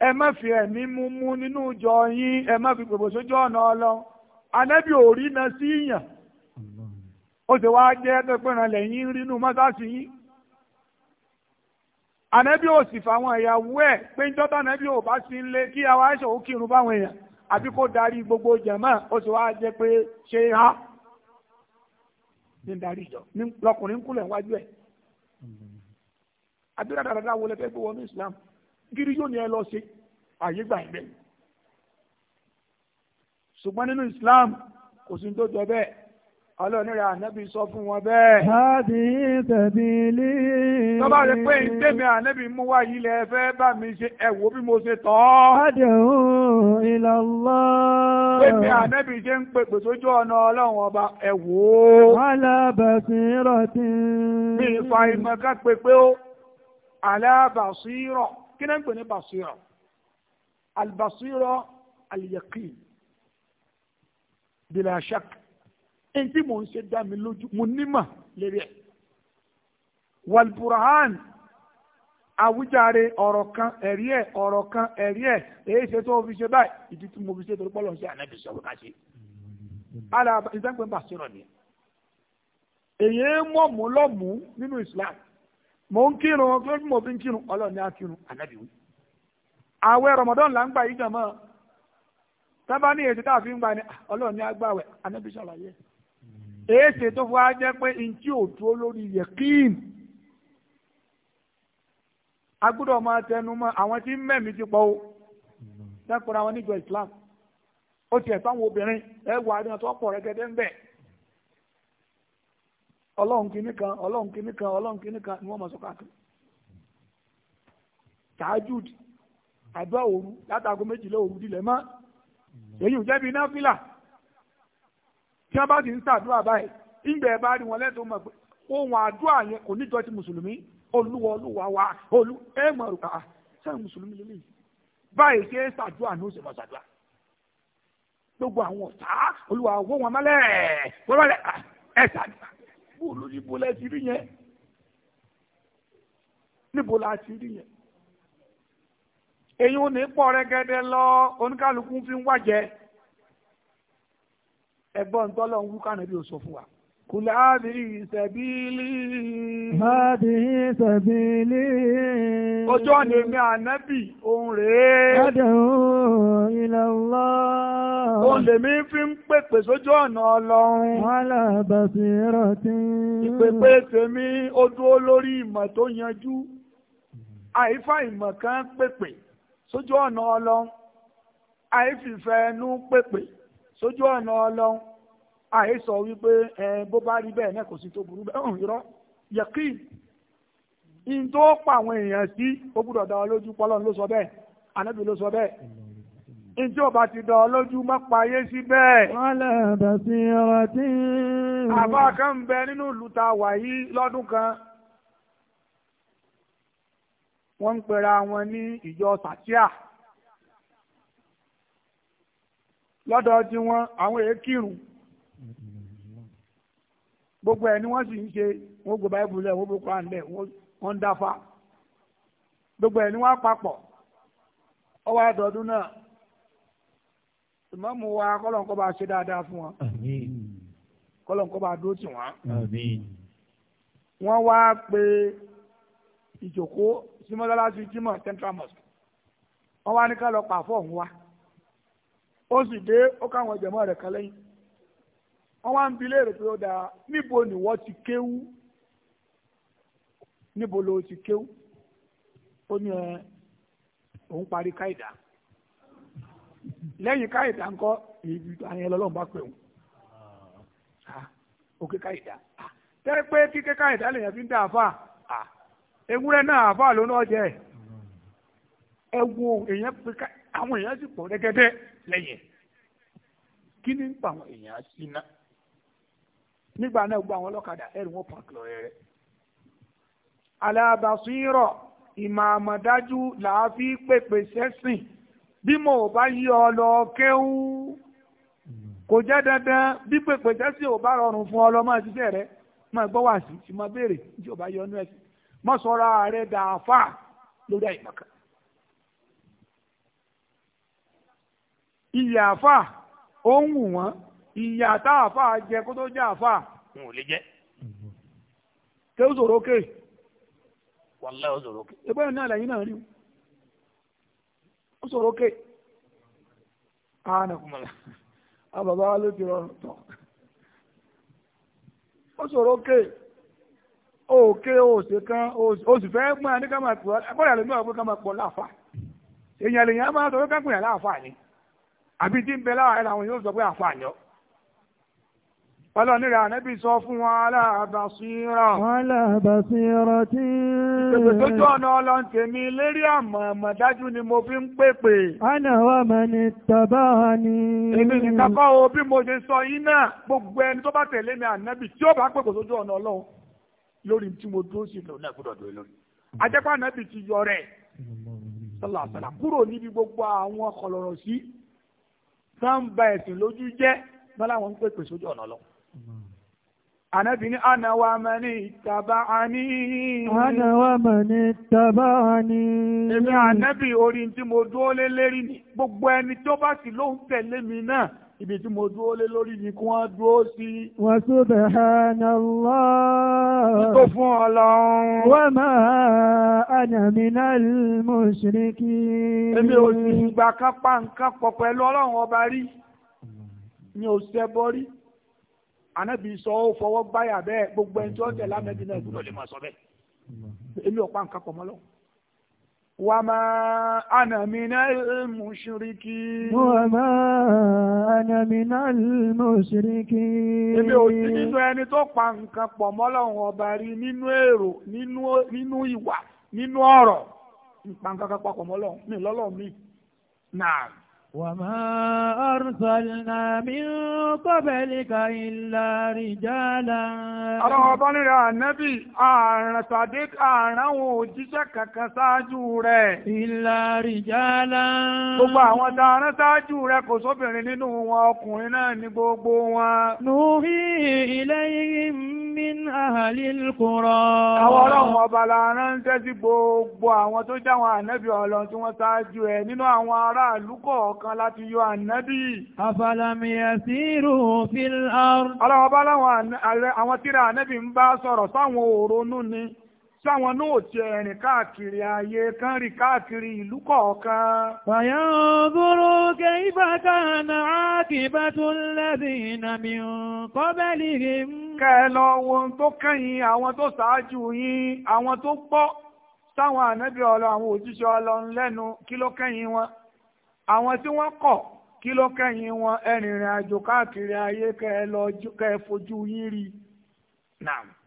A: ẹ má fi ẹ̀mí múmú nínú ìjọ yín ẹ má fi gbogbo sójú ọ̀nà ọlọ́run anẹ́bí ò rí na sí yàn ó sì wá jẹ́ pẹ́ran lẹ́yìn rínú mọ́sáàsì yín anẹ́bí ò sì fáwọn ìyàwó ẹ̀ pé ń jọ́tà anẹ́bí ò bá sí ilé kí àwa ẹ̀ṣọ́ ó kírun báwọn èèyàn àbí kó darí gbogbo jẹ̀mọ́ ó sì wá jẹ́ pé ṣe há ní darí ìjọ lọkùnrin kúlẹ̀ wájú ẹ̀ àbíra dáadáa wọlé fẹ́ gbé wọnú islam gírí yóò ní ẹ lọ sí àyè gbà ẹ̀ bẹ́ẹ̀ ṣùgbọ́n nínú islam kò sí tó jọ bẹ́ẹ̀ ọlọ́ọ̀nìrà ànábì sọ fún wọn bẹ́ẹ̀. láti tẹ̀bílì. tọ́ba rẹ̀ pé ìtẹ̀mí ànábì mú wá yìí lẹ fẹ́ bá mi ṣe ẹ̀wò bí mo ṣe tọ́. ad'u ila Allah. pèmí ànábì ṣe ń pèpè sójú ọ̀nà ọlọ́run ọba ẹ̀wò. ala basiratin. mi ìfà ìmọ̀ ká pèpè ala basira kí náà ń pè ní basira albasira alyaqin bila shak ẹni tí mò ń ṣe dá mi lójú mo nímọ̀ lérí ẹ̀ walburhan àwùjáre ọ̀rọ̀ kan ẹ̀rí ẹ̀ ọ̀rọ̀ kan ẹ̀rí ẹ̀ èyí ṣe tó fi ṣe báyìí ìdí tí mo fi ṣe torí pọ́lọ́ ṣe ànábì sọ̀rọ̀ ká ṣe. ala ni èyí mọ̀mú lọ́mú nínú Islam mò ń kírun tó ń àwẹ̀ Ramadan la ń gbà yí jàmọ́ tábà ní èsì fi ń gbà ni ọlọ́run ní agbáwẹ̀ èsì tó fọ́ á pé ntí ò dúró lórí yẹ̀kín. a gbọ́dọ̀ máa tẹnu mọ́ àwọn tí mẹ́mí ti pọ̀ o dákúrò àwọn níjọ Islam ó tiẹ̀ fáwọn obìnrin ẹ wà á rí pọ̀ ọlọ́run kìíní kan kan kan ni wọ́n máa sọ káàkiri tahajud àdúrà òru látàgọ méjìlá òru dilẹ̀ mọ́ èyí ò jẹ́bi náfìlà tí wọ́n bá ti ń sàdúrà báyìí ìgbẹ́ bá rí wọn lẹ́tọ̀ọ́ mọ̀ pé ohun àdúrà yẹn kò níjọ ti mùsùlùmí olúwa olúwa wa olú ẹ mọ̀ rò ah, gbogbo àwọn ọ̀tá olúwa wọn mọ́lẹ̀ wọ́n bó níbo la ti rí yẹn níbo la ti rí yẹn èyí ò ní pọ̀ rẹ́gẹ́dẹ́ lọ oníkálukú fi ń wájẹ ẹ̀gbọ́n ntọ́lọ́ ń wú kánà bí sọ fún wa. قل هذه سبيلي هذه سبيلي ojú ọ̀nà èmi ànábì òun rèé. Ad'u ila Allah. Òun lèmi fi ń pèpè sójú ọ̀nà ọlọ́run. Ala basirati. Ìpèpè tèmi ó dúró lórí ìmọ̀ tó yanjú. Àìfà ìmọ̀ kan pèpè sójú ọ̀nà ọlọ́run àyè sọ wípé ẹ bó bá rí bẹ́ẹ̀ náà kò sí tó burú bẹ́ẹ̀ ọ̀hún irọ́ yẹ̀kí in tó pa àwọn èèyàn sí ó gbúdọ̀ dá ọ lójú pọ́lọ́n ló sọ bẹ́ẹ̀ anábì ló sọ bẹ́ẹ̀ in tí ò bá ti dá ọ lójú má payé sí bẹ́ẹ̀. wọ́lẹ̀ bàtí ọ̀rọ̀ tí. àbá kan ń bẹ nínú ìlú ta wà yìí lọ́dún kan wọ́n ń pera wọn ní ìjọ sàtíà lọ́dọ̀ tí wọ́n àwọn èé kírun gbogbo ẹ̀ ni wọ́n sì ń ṣe wọ́n gbé báyìí lẹ̀ wọ́n gbé kwan lẹ̀ wọ́n ń dáfa gbogbo ẹ̀ ni wọ́n papọ̀ ọwọ́ àdọ́dún náà ìmọ̀mù wa kọ́lọ̀ kọ́ bá ṣe dáadáa fún wọn kọ́lọ̀ kọ́ bá dúró tì wọ́n wọ́n wá pé ìjòkó sí mọ́sálásí jimoh central mosque wọ́n wá ní ká lọ pàfọ́ òun wá ó sì dé ó káwọn ìjọ̀mọ́ rẹ̀ kan lẹ́yìn. wọ́n wá ń bi léèrè pé dáa níbo ni wọ́n ti kéwú níbo ló ti kéwú ó ní ẹ òun parí káìdá lẹ́yìn káìdá ńkọ́ ibi àyẹn lọ́lọ́run bá pè òkè káìdá pé kíkẹ́ fi ń dá àfà ewúrẹ́ náà àfà ló náà jẹ́ ẹ wo èèyàn pé àwọn èèyàn sì pọ̀ rẹ́gẹ́dẹ́ lẹ́yìn kí nígbà náà gbọ́ àwọn ọlọ́kadà ẹ̀rù wọn pàǹkì lọ rẹ̀ alábàṣírọ̀ ìmọ̀ àmọ̀dájú làá fi pèpè sẹ́sìn bí mo ò bá yí ọ lọ kéwú kò jẹ́ dandan bí pèpè sẹ́sìn ò bá rọrùn fún ọ lọ máa ṣiṣẹ́ rẹ máa gbọ́ wá sí ti máa béèrè tí ò bá yọ ọ́nú ẹ̀sìn má sọ̀rọ̀ ààrẹ dàáfà lórí àyíká. ìyàfà ó ń wù wọ́n ìyà tá àfà jẹ kó tó jẹ àfà n ò lè jẹ. ké o sòrò ké.
B: wàlẹ́ o sòrò ké. ẹgbẹ́
A: yẹn náà lẹ́yìn náà rí o sòrò ké. a nà kumala a bàbá wa ló ti rọrùn tán. o sòrò ké òkè òsè kan oṣù fẹ́ gbọ́n ní ká máa pọ̀ akọ́rẹ́ àlọ́ náà pé ká máa pọ̀ láàfà èèyàn lèèyàn máa sọ pé ká pè yàn láàfà ni àbí tí ń bẹ láàárín àwọn yóò sọ pé àfà ni ọ́. Ọlọ́nira ànábì sọ fún wọn aláàbàṣírà. Aláàbàṣírà tí. Ìpèpè tó jọ ọ̀nà ọlọ́n tèmi lérí àmọ̀ àmọ̀dájú ni mo fi ń pèpè. Ànà wa mà ní tàbá ni. Èmi nìkan kọ́ o bí mo ṣe sọ yín náà gbogbo ẹni tó bá tẹ̀lé mi ànábì tí ó bá pèpè sójú ọ̀nà ọlọ́run lórí tí mo dúró sí lòun náà gbọ́dọ̀ dúró lórí. Ajẹ́pọ̀ ànábì ti yọ rẹ̀ sọlá kúrò níbi gbogbo àwọn Ànábì ní àna wa mẹ́ ní ìtàbáání. Àna Èmi ànábì orí tí mo dúó lé lérí ni. Gbogbo ẹni tó bá sì lóhun tẹ̀lé mi náà ibi tí mo dúró lé lórí ni kí wọ́n dúró sí. wa subhanallah. tó fún ọlọ́run. wa ma ana minal mushrikin. èmi ò sì gbà kápá nǹkan pọ̀ pẹ̀lú ọlọ́run ọba rí mi ò ṣẹbọ rí anabi sọ fọwọ fọwọ́ gbáyà gbogbo ẹni tí wọ́n tẹ̀lé anabi náà gbọ́dọ̀ lè máa sọ bẹ́ẹ̀ èmi ò pa nǹkan pọ̀ mọ́ lọ. wà á máa wà á máa èmi ò ẹni tó pa nǹkan pọ̀ mọ́ ọba rí nínú èrò nínú ìwà nínú mi mi وما أرسلنا من قبلك إلا رجالا أرى بني النبي أنا صديق أنا وجيشك كساجورة إلا رجالا gbogbo àwọn tá a rán ṣáájú rẹ kò sóbìnrin nínú wọn ọkùnrin náà ní gbogbo wọn. nùhí ilayhim min ahlil qura. àwọn ọlọ́run ọba la ránṣẹ́ sí gbogbo àwọn tó jáwọn ànábì ọlọ́run tí wọ́n ṣáájú ẹ nínú àwọn aráàlú kọ̀ọ̀kan kan láti yọ ànábì. àfàlàmì àsírù fil ard. ọlọ́wọ́ bá láwọn àwọn tíra ànábì ń bá sọ̀rọ̀ sáwọn òrónú ni sáwọn náà ti ẹ̀rìn káàkiri ayé kan rí káàkiri ìlú kọ̀ọ̀kan. fàyàǹgòrò kẹ́yìnbá kan àkìbátú lẹ́dìínà mi kọ́bẹ̀lì rí mú. kẹ́ ẹ lọ wo ohun tó kẹ́yìn àwọn tó ṣáájú yín àwọn tó gbọ́ sáwọn ànábì ọlọ àwọn òjíṣẹ́ ọlọ́run lẹ́nu kí ló kẹ́yìn wọn àwọn tí wọ́n kọ̀ kí ló kẹ́yìn wọn ẹrìnrìn àjò káàkiri ayé kẹ́ fojú yín rí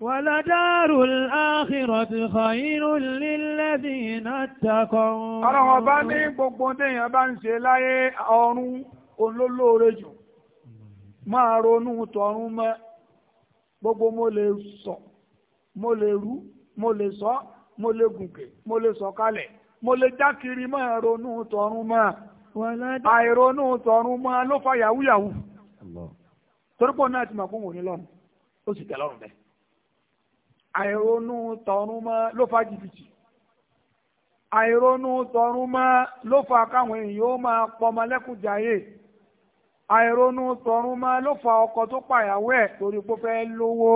A: Wàládàrú àkìrọ̀ ti kọ̀yínú lílẹ́bí iná takọ̀. Ọlọ́run ọba ní gbogbo téèyàn bá ń ṣe láyé ọ̀run olólóore jù. Máa ronú tọ̀run mọ́. Gbogbo mo lè sọ, mo lè rú, mo lè sọ, mo lè gùnkè, mo lè sọ̀kalẹ̀, mo lè jákiri máa ronú tọ̀run mọ́ àìronú tọ̀run máa ló fa yahoo yahoo torípò náà ti mọ̀ fún òní lọ́rùn ó sì tẹ̀ lọ́rùn bẹ́ẹ̀ àìronú tọ̀run máa ló fa jìbìtì àìronú tọ̀run máa ló fa káwọn èèyàn ó máa pọmọlẹ́kùnjayé àìronú sọ̀run máa ló fa ọkọ tó pàyàwó ẹ̀ torí pó fẹ́ lówó.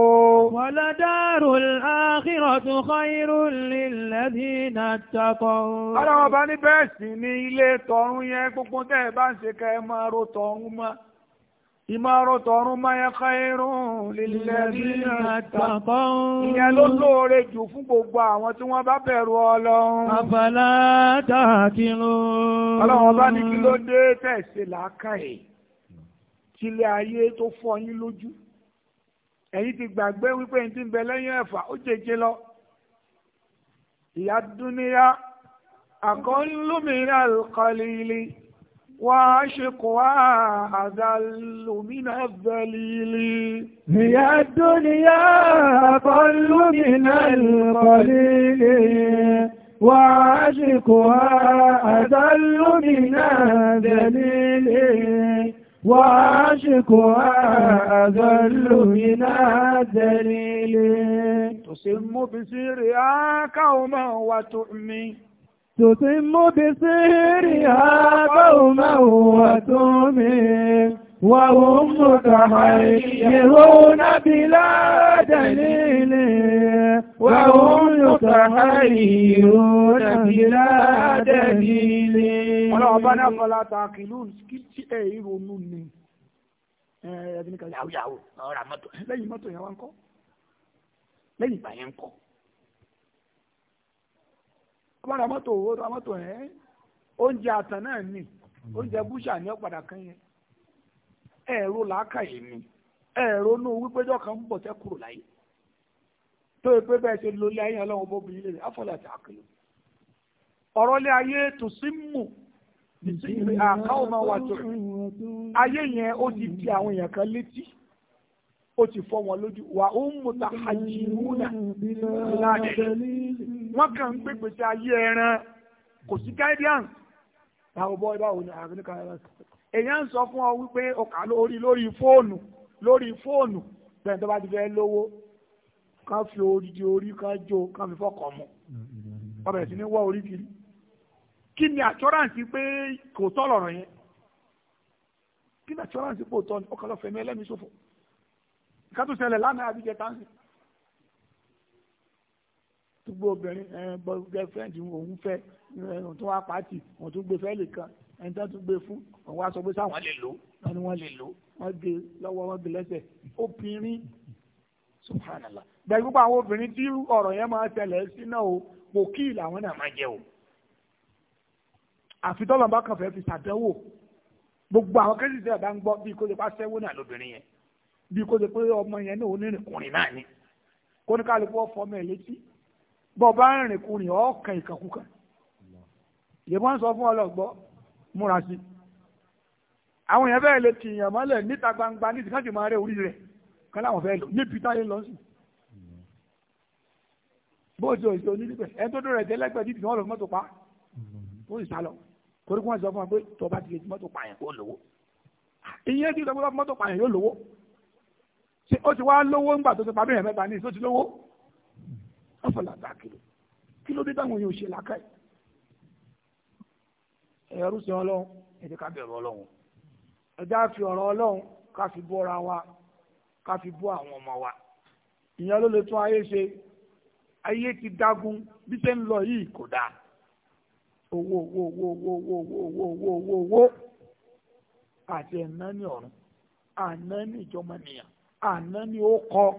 A: wala darul akhiratu khairul lilladhina taqaw. ọlọ́wọ́ bá ní bẹ́ẹ̀ sì ni ilé tọ̀run yẹn gbogbo tẹ́ ẹ wọ́n bá bẹ̀rù ọlọ́run. àbàlá tààkìlú. ọlọ́wọ́ bá ní kí ló dé tilé ayé tó fọ́ yín lójú ẹ̀yin ti gbàgbé wípé ẹni tí ń bẹ lẹ́yìn ẹ̀fà ó jẹjẹ lọ ìyá dúníyà àkọ́lùmíràn kọ́lìlì wà á ṣe kó wá àdàlùmíràn bẹ̀lìlì. ìyá dúníyà àkọ́lùmíràn kọ́lìlì wà á ṣe kó wá àdàlùmíràn bẹ̀lìlì. وعاشقها أذل من الدليل تسم بسيرها قوما وتؤمي تتم بسيرها قوما وتؤمن وهم متحيرون بلا دليل وهم متحيرون بلا دليل ọlọ́wọ́ bá náà kọ́lá ta kìlú kí ẹ ìrònú ni ẹ̀ẹ́dínní kan yàwó yàwó ọ̀rọ̀ àmọ́tò lẹ́yìn mọ́tò yẹn wá ń kọ́ lẹ́yìn ìgbà yẹn ń kọ́ ọba ra mọ́tò owó ra mọ́tò ẹ̀ oúnjẹ ni ẹ̀rọ nù wípéjọ́ kan ń bọ̀ tẹ́ kúrò láyé tó o pé bẹ́ẹ̀ ṣe lólé ayé ọlọ́run bó bìí lè afọlẹ́ àti àkìlò ìsìnkú ah, àkàwọ̀mọ̀ wà tó ayé yẹn ó ti di àwọn èèyàn kan létí ó ti fọ́ wọn lójú wà ó ń mọta àjìmúnà ládẹ wọn kàn ń pèpè sí ayé ẹran kò sí guidance báwo bọ́ báwo ni àrùn kan ẹran èèyàn sọ fún ọ wípé ọkà lórí lórí fóònù lórí fóònù bẹ́ẹ̀ tó bá ti fẹ́ lówó ká fi orí di orí ká jó ká fi fọkàn mu ọbẹ̀ sí ni wọ́ orí kiri kí ni assurance pé kò tọ́ lọ́rọ̀ yẹn kí ni assurance pé kò tọ́ ni ọkọ̀ lọ́fẹ̀ẹ́ mi ẹlẹ́mi ṣòfò ìkàtò ṣẹlẹ̀ lánàá àbíjẹ táǹsì gbogbo obìnrin ẹ bọ girlfriend òun fẹ́ òun tó wá pàtì òun tó gbé fẹ́ lè kan ẹni tó tún gbé fún òun wá sọ pé sáwọn lè lò wọn ni wọn lè lò wọn gbé lọ́wọ́ wọn gbé lẹ́sẹ̀ obìnrin subhanallah bẹ́ẹ̀ gbogbo àwọn obìnrin tí ọ̀rọ̀ yẹn máa tẹlẹ sí o kò kí làwọn náà máa jẹ o àfi tọ́lọ̀ bá kàn fẹ́ fi ṣàdánwò gbogbo àwọn kẹ́sìtì ẹ̀ bá ń gbọ́ bí kò lè pa sẹ́wó náà lóbìnrin yẹn bí kò lè pé ọmọ yẹn náà onírìnkùnrin náà ni kó ní kálukú ọ̀fọ̀ ọmọ ẹ̀ létí bọ́ bá ń rìnkùnrin ọ̀ọ́kàn ìkànkùkàn yẹ̀bọ́n ń sọ fún ọlọ́gbọ́ múra sí àwọn èèyàn bẹ́ẹ̀ lè ti èèyàn mọ́lẹ̀ níta gbangba ní ìdíkájì máa rẹ orí rẹ̀ kan láwọn fẹ́ lò níbi táyé lọ sí bó ti òṣìṣẹ́ onílùpẹ̀ ẹni tó dúró torí kí wọ́n sọ fún wa pé tó bá ti lè ti mọ́tò pààyàn kó lówó ìyẹn ti sọ pé mọ́tò pààyàn yóò lówó ṣé ó ti wá lówó ńgbà tó ti pa bẹ́ẹ̀ mẹ́ta ní ìṣó ti lówó ọ̀fọ̀lá dákìlì kí ló dé táwọn yóò ṣe làákàyè ẹ̀rú sí ọlọ́run ẹ̀jẹ̀ ká bẹ̀rù ọlọ́run ẹ̀jẹ̀ á fi ọ̀rọ̀ ọlọ́run ká fi bọ́ra wa ká fi bọ́ àwọn ọmọ wa ìyẹn ló lè tún ayé ṣe ayé ti dágun bí owó owó owó owó owó owó owó owó owó owó àti ẹ̀ná ní ọ̀run àná ní ìjọba nìyàn àná ní ó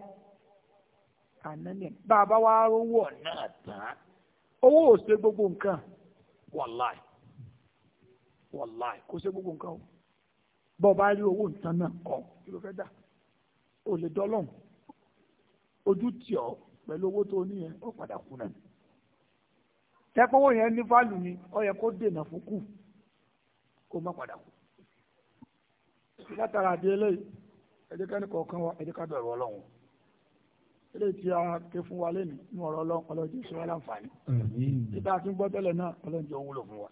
A: àná ní bàbá wa rówó ọ̀nà tán owó ò ṣe gbogbo nǹkan wàláì wàláì kò ṣe gbogbo nǹkan o bọ́ rí owó nǹkan náà kí ló fẹ́ dà ò lè ojú tì ọ́ pẹ̀lú tẹ́pọ́wọ́ yẹn ní fálù ni ó yẹ kó dènà fún kù kó má padà kù. látara àdé eléyìí ẹ̀dẹ́kẹ́ni kọ̀ọ̀kan wa ẹ̀dẹ́ká bẹ̀rù ọlọ́run eléyìí tí a ké fún wa lẹ́nu ní ọ̀rọ̀ ọlọ́run ọlọ́jọ́ ìṣẹ́ wa láǹfààní. títà tí ń gbọ́ tẹ́lẹ̀ náà ọlọ́jọ́ wúlò fún wa.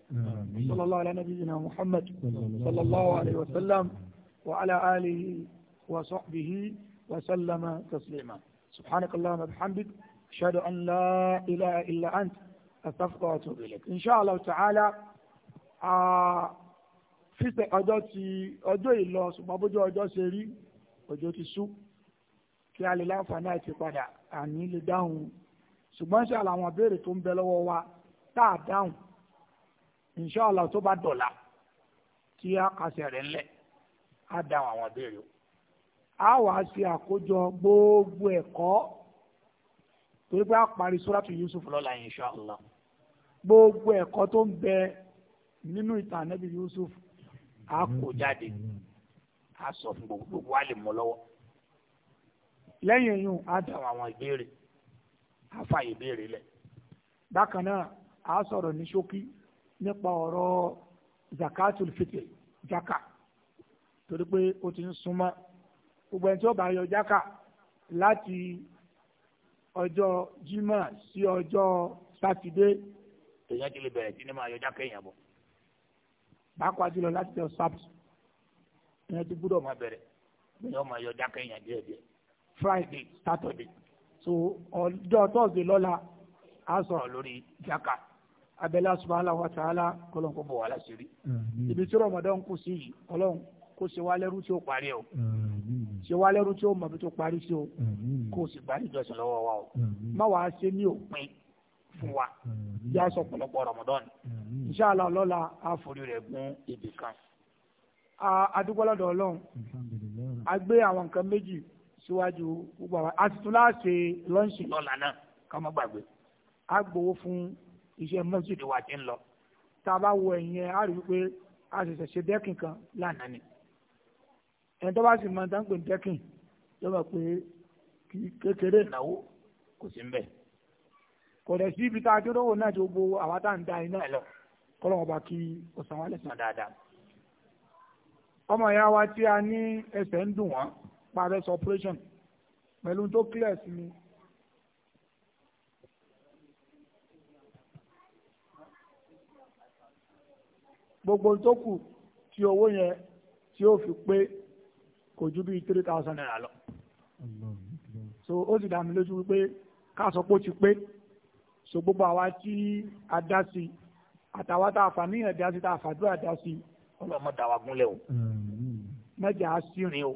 A: sallallahu ala nabiyyina muhammad sallallahu alayhi wa sallam wa ala alihi wa sahbihi wa sallama taslima subhanakallahumma bihamdik ashhadu an la ilaha illa anta astaghfirullah wa atubu ilayk insha Allah ta'ala fífẹ́ ọjọ́ ti ọjọ́ ìlọ ṣùgbọ́n bójú ọjọ́ ṣe rí òjò ti sú kí a lè láǹfààní àti padà àní lè dáhùn ṣùgbọ́n ṣe àwọn ìbéèrè tó ń bẹ lọ́wọ́ wa tá a dáhùn insha Allah tó bá dọ̀la tí a kàṣẹ
B: rẹ̀ ńlẹ̀ á dáhùn àwọn ìbéèrè o.
A: a wàá ṣe àkójọ gbogbo ẹ̀kọ́ torí pé a parí suratu Yusuf
B: lọ́la insha Allah.
A: gbogbo ẹ̀kọ́ tó ń bẹ nínú ìtàn ànábì Yusuf
B: a kó jáde á sọ fún gbogbo gbogbo wa lè mú lọ́wọ́
A: lẹ́yìn yìí á dáhùn
B: àwọn ìbéèrè á fa ìbéèrè
A: lẹ̀ bákan náà á sọ̀rọ̀ ní ṣókí nípa ọ̀rọ̀ zakatul fitr jaka torí pé ó ti ń súnmọ́ gbogbo ẹni tí ó bá yọ jaka láti ọjọ́ Jímọ̀ sí ọjọ́ sátidé.
B: èèyàn ti lè bẹ̀rẹ̀ sí ni máa yọjá kẹ́yìn àbọ̀.
A: pàápàá jùlọ láti ọ̀ sábà èèyàn ti gbúdọ̀ máa
B: bẹ̀rẹ̀ èèyàn máa yọjá kẹ́yìn díẹ̀ díẹ̀
A: friday saturday so ọjọ́ thursday lọ́la a sọ̀rọ̀ lórí jaka abẹ́lẹ́ subhanahu wa ta'ala kọ́lọ́n kó bọ̀ wá láṣìírí ibi tí ramadan kù sí yìí kọ́lọ́n kó ṣe wá lẹ́rú tí ó parí o ṣe wá lẹ́rú tí ó mọ̀ bí tó parí sí o kó sì gbàlejò ẹ̀sìn lọ́wọ́ wa o má wàá ṣe ní òpin fún wa mm-hmm. yá sọ pọ̀lọpọ̀ ramadan mm-hmm. inṣàlá a àforí rẹ̀
B: gun ibì kan
A: adúgbọ́lọ́dọ̀ ọlọ́run a gbé àwọn nǹkan méjì síwájú gbogbo àwọn àtúntún láàṣẹ lọ́ǹṣì lọ́la náà ká má gbàgbé a gbowó fún iṣẹ́ mọ́sídìí wa ti ń lọ tá a bá wo ẹ̀yìn ẹ̀ á rí i pé a ṣẹ̀ṣẹ̀ ṣe dẹ́kìn kan lánàá ni ẹni tó bá sì mọ táǹpẹ̀ dẹ́kìn yóò mọ̀ pé kékeré ìnáwó kò sí ń kò dẹ̀ sí ibi tá a dúró wò náà tó gbó àwa tá à ń da iná ẹ̀ lọ kọ́lọ́ wọn kí ọ̀sán wa lẹ́sàn dáadáa. ọmọ ìyá wa tí a ní ẹsẹ̀ ń dùn wọ́n parẹ́ operation pẹ̀lú tó clear sí mi. gbogbo tó kù tí owó yẹn tí ó fi pé kò ju bíi three thousand naira lọ. so ó sì dá mi lójú wípé ká sọ pé ó ti pé so gbogbo àwa tí a dá sí àtàwa tá a fà níyàn dá sí tá a fàdúrà dá sí ọlọ́mọ dàwa gúnlẹ̀ o mẹ́jọ á sí rìn o.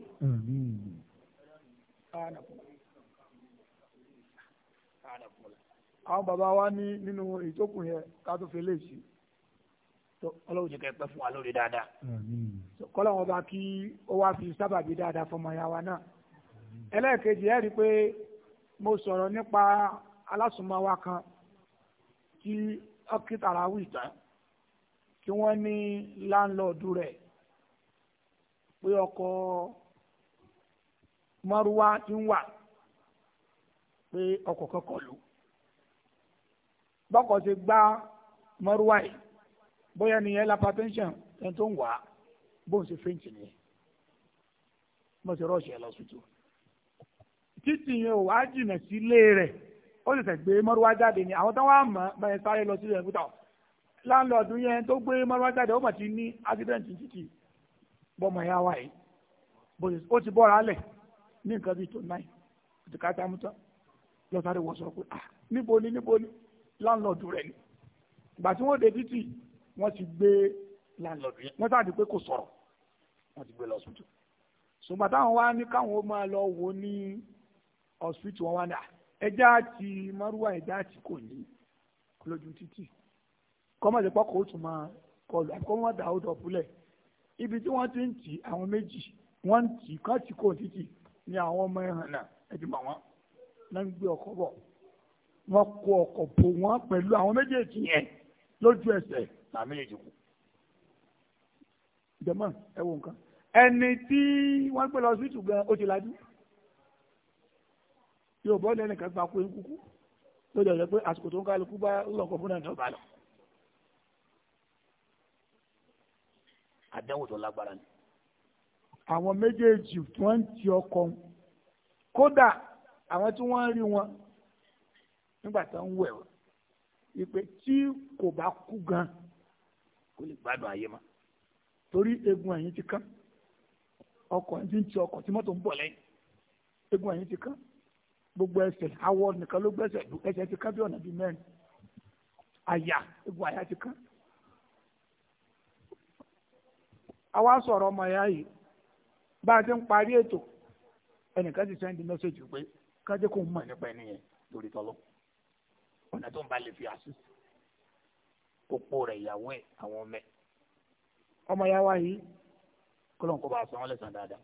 A: àwọn bàbá wa ní nínú ìjókòó yẹn ká tó fi léèsì ọlọ́run jẹ́ kẹ́ pẹ́
B: fún wa lórí dáadáa
A: kọ́lọ́ wọn bá kí ó wá fi sábàbí dáadáa fọmọ ya wa náà ẹlẹ́ẹ̀kejì ẹ̀ rí i pé mo sọ̀rọ̀ nípa alásùnmọ́ wa kan kí ọkítàràwì tán kí wọ́n ní láńlọ́ọ̀dù rẹ̀ pé ọkọ̀ mọ́rúwá ti ń wà pé ọkọ̀ kọ̀ọ̀kan lò bọ́kọ̀ ti gbá mọ́rúwá yìí bóyá nìyẹn lápàtẹ́ńṣàn ẹni tó ń wà á bóun ṣe fẹ́ǹtì nìyẹn mo ti rọ́ọ̀ṣì ẹ̀ lọ sùtù títì yẹn ò wá jìnà sílé rẹ̀ ó sì tẹ̀ gbé mọ́rúwá jáde ni àwọn tó wá bẹ́ẹ̀ sáré lọ sí fúta láńlọ́ọ̀dù yẹn tó gbé mọ́rúwá jáde ó ti ní ásídẹ́ǹtì títì bọ́mọ ya wáyé ó ti bọ́ra lẹ̀ ní nǹkan bíi tó náì ó ti káta lọ sáré wọ sọ pé ah níbo ni níbo ni ni ìgbà tí wọ́n dé títì wọ́n ti gbé
B: láńlọ́ọ̀dù yẹn wọ́n sáà pé kò sọ̀rọ̀ wọ́n
A: ti ẹja àti mọ́rúwá ẹja àti kò ní lójú títì kọ́mọ̀lẹ́ pọ̀ kó tún máa kọlù àti kọ́mọ̀ dà ó dọ̀búlẹ̀ ibi tí wọ́n ti ń tì àwọn méjì wọ́n ń tì kán ti kò títì ni àwọn ọmọ ẹ̀hàn náà ẹ̀dùnmọ̀ wọn náà ń gbé ọkọ̀ bọ̀ wọ́n kó ọkọ̀ bò wọ́n pẹ̀lú àwọn méjèèjì yẹn lójú ẹsẹ̀ làmì ìdìbò jẹ̀mọ́ ẹ wo nǹkan ẹni tí wọ́n gbé lọ sí ìtùgbọ́n ó ti lajú yóò bọ́ lẹ́nu kan fàkó yín kúkú tó jẹ́ pé àsìkò tó ń kálukú bá lọ́kọ̀ fún náà ní
B: ọba lọ. àdánwò tó lágbára ni.
A: àwọn méjèèjì tí wọ́n ń ti ọkọ̀ kódà àwọn tí wọ́n ń rí wọn nígbà tó ń wẹ̀ ìpè tí kò bá kú gan
B: kò lè gbádùn ayé mọ́
A: torí egun ẹ̀yìn ti kán ọkọ̀ ẹ̀yìn ti ọkọ̀ tí mọ́tò ń bọ̀ lẹ́yìn egun ẹ̀yìn ti kán gbogbo ẹsẹ̀ awọ nìkan ló gbẹ́sẹ̀ lù ẹsẹ̀ ti ká bí ọ̀nà bíi mẹ́rin àyà egbò àyà ti ká. àwa sọ̀rọ̀ ọmọ ẹ̀yà yìí bá a ti ń parí ètò ẹnìkan ti sẹ́ndí mẹ́sẹ̀gì pé kájé kò mọ̀ nípa ẹni yẹn
B: lórí tọ́lọ́ ọ̀nà tó ń bá lè fi àṣìṣe òpó rẹ̀ ìyàwó ẹ̀ àwọn ọmọ ẹ̀
A: ọmọ ẹ̀yà wa yìí kọ́lọ́n kó bá a sọ wọn lẹ́sàn dáadáa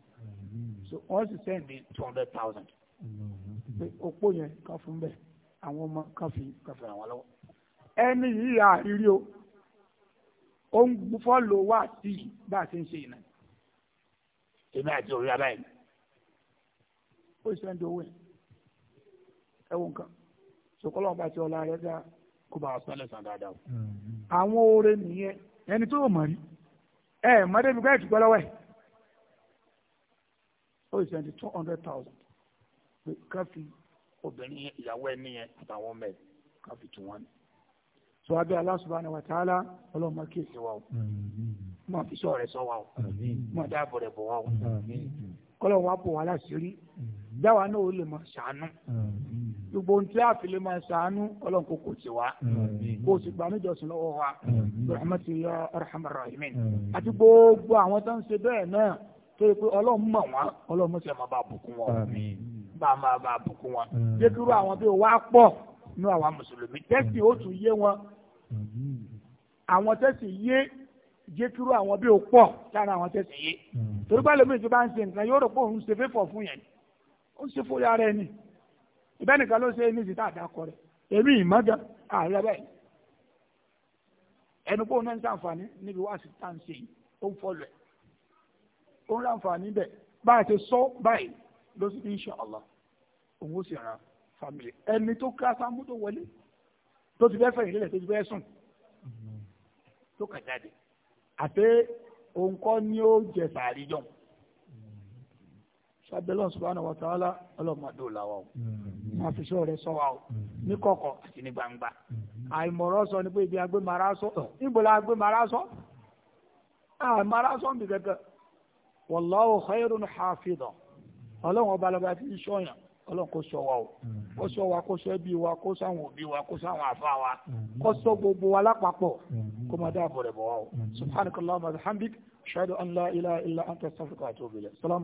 A: so wọ́n sì sẹ́ndí
B: two hundred thousand. Mm
A: -hmm. pé opó yẹn ká fún bẹ́ẹ̀ àwọn ọmọ ká fi kẹfẹ́ àwọn lọ́wọ́ ẹni yìí o ó ń fọ́lọ̀ wá sí i bá a ṣe ń ṣe ìnà
B: èmi àti òrí abáyé
A: ó ṣe ń dowó ẹ ẹ wọ nǹkan sọkọlọ ọba tí ọlá rẹ dá kó bá a sọ dáadáa o mm-hmm. àwọn oore nìyẹn ẹni tó mọ̀ rí ẹ pé ká fi
B: obìnrin ìyàwó ẹni yẹn àtàwọn ọmọ ẹ̀ ká fi tù wọ́n ni.
A: sọ abẹ́ Allah subhanahu wa ta'ala ọlọ́mọ kíyèsí wa o mọ̀ fi sọ rẹ̀ sọ wa o
B: mọ̀ dáàbò rẹ̀ bọ̀ wa o
A: kọ́lọ̀ wa bò wá láṣìírí dáwà náà ó lè máa ṣàánú gbogbo ohun tí a fi lè máa ṣàánú ọlọ́run kò kò sí wa kó o sì gbà níjọsìn lọ́wọ́ wa rahmatu ya arhamar rahimin àti gbogbo àwọn tó ń ṣe bẹ́ẹ̀ náà tó yẹ pé ọlọ́run mọ̀ wá ọlọ́run mọ̀ sí ẹ̀ máa bá a bùkún wọn bá a máa bá a bùkún wọn mm. jẹ́ kí irú àwọn bí wàá pọ̀ nínú àwọn mùsùlùmí tẹ́sì ó tún yé wọn àwọn tẹ́sì yé jẹ́ kí irú àwọn bí o pọ̀ lára àwọn tẹ́sì yé mm. torí bá lómi ìjọba ń ṣe nǹkan yóò rò pé òun ṣe fẹ́fọ̀ fún yẹn ó ń ṣe fúri ara ẹni ìbẹ́nìkan ló ṣe ní ìsìtá àdàkọ rẹ̀ èmi ìmọ̀gá ààrẹ bẹ́ẹ̀ ẹnu pé òun náà ń sàǹfààní níbi wá sí táǹsì ó ń fọlọ̀ ẹ̀ ó ń ráǹfààní bẹ́ẹ̀ bá ti sọ báyìí lọ́sí ní inṣàlá òun ó sì ra family ẹni tó ká sámú tó wọlé tó ti fẹ́ fẹ̀yìn tó ti fẹ́ sùn tó kà jáde àti ni ó jẹ sàárì jọ sábẹ́lọ́n wa ta'ala ọlọ́mọdé o máa fi sọ rẹ o ní kọ̀kọ̀ àti ní gbangba àìmọ̀rọ̀ sọ ni pé ibi agbémara sọ sọ àìmọ̀rọ̀ sọ ń bì kẹ́kẹ́ ọlọ́run ọba lọ́ba fi sọ̀yàn ọlọ́run kò sọ wa o mm-hmm. kò sọ wa kò sọ ẹbí wa kò sọ àwọn òbí wa kò sọ àwọn àfa wa mm-hmm. kò sọ gbogbo wa lápapọ̀ mm-hmm. kò máa dáàbò rẹ̀ bọ̀ wa o subhanakallahumma wa bihamdik ashhadu an la ilaha illa anta astaghfiruka wa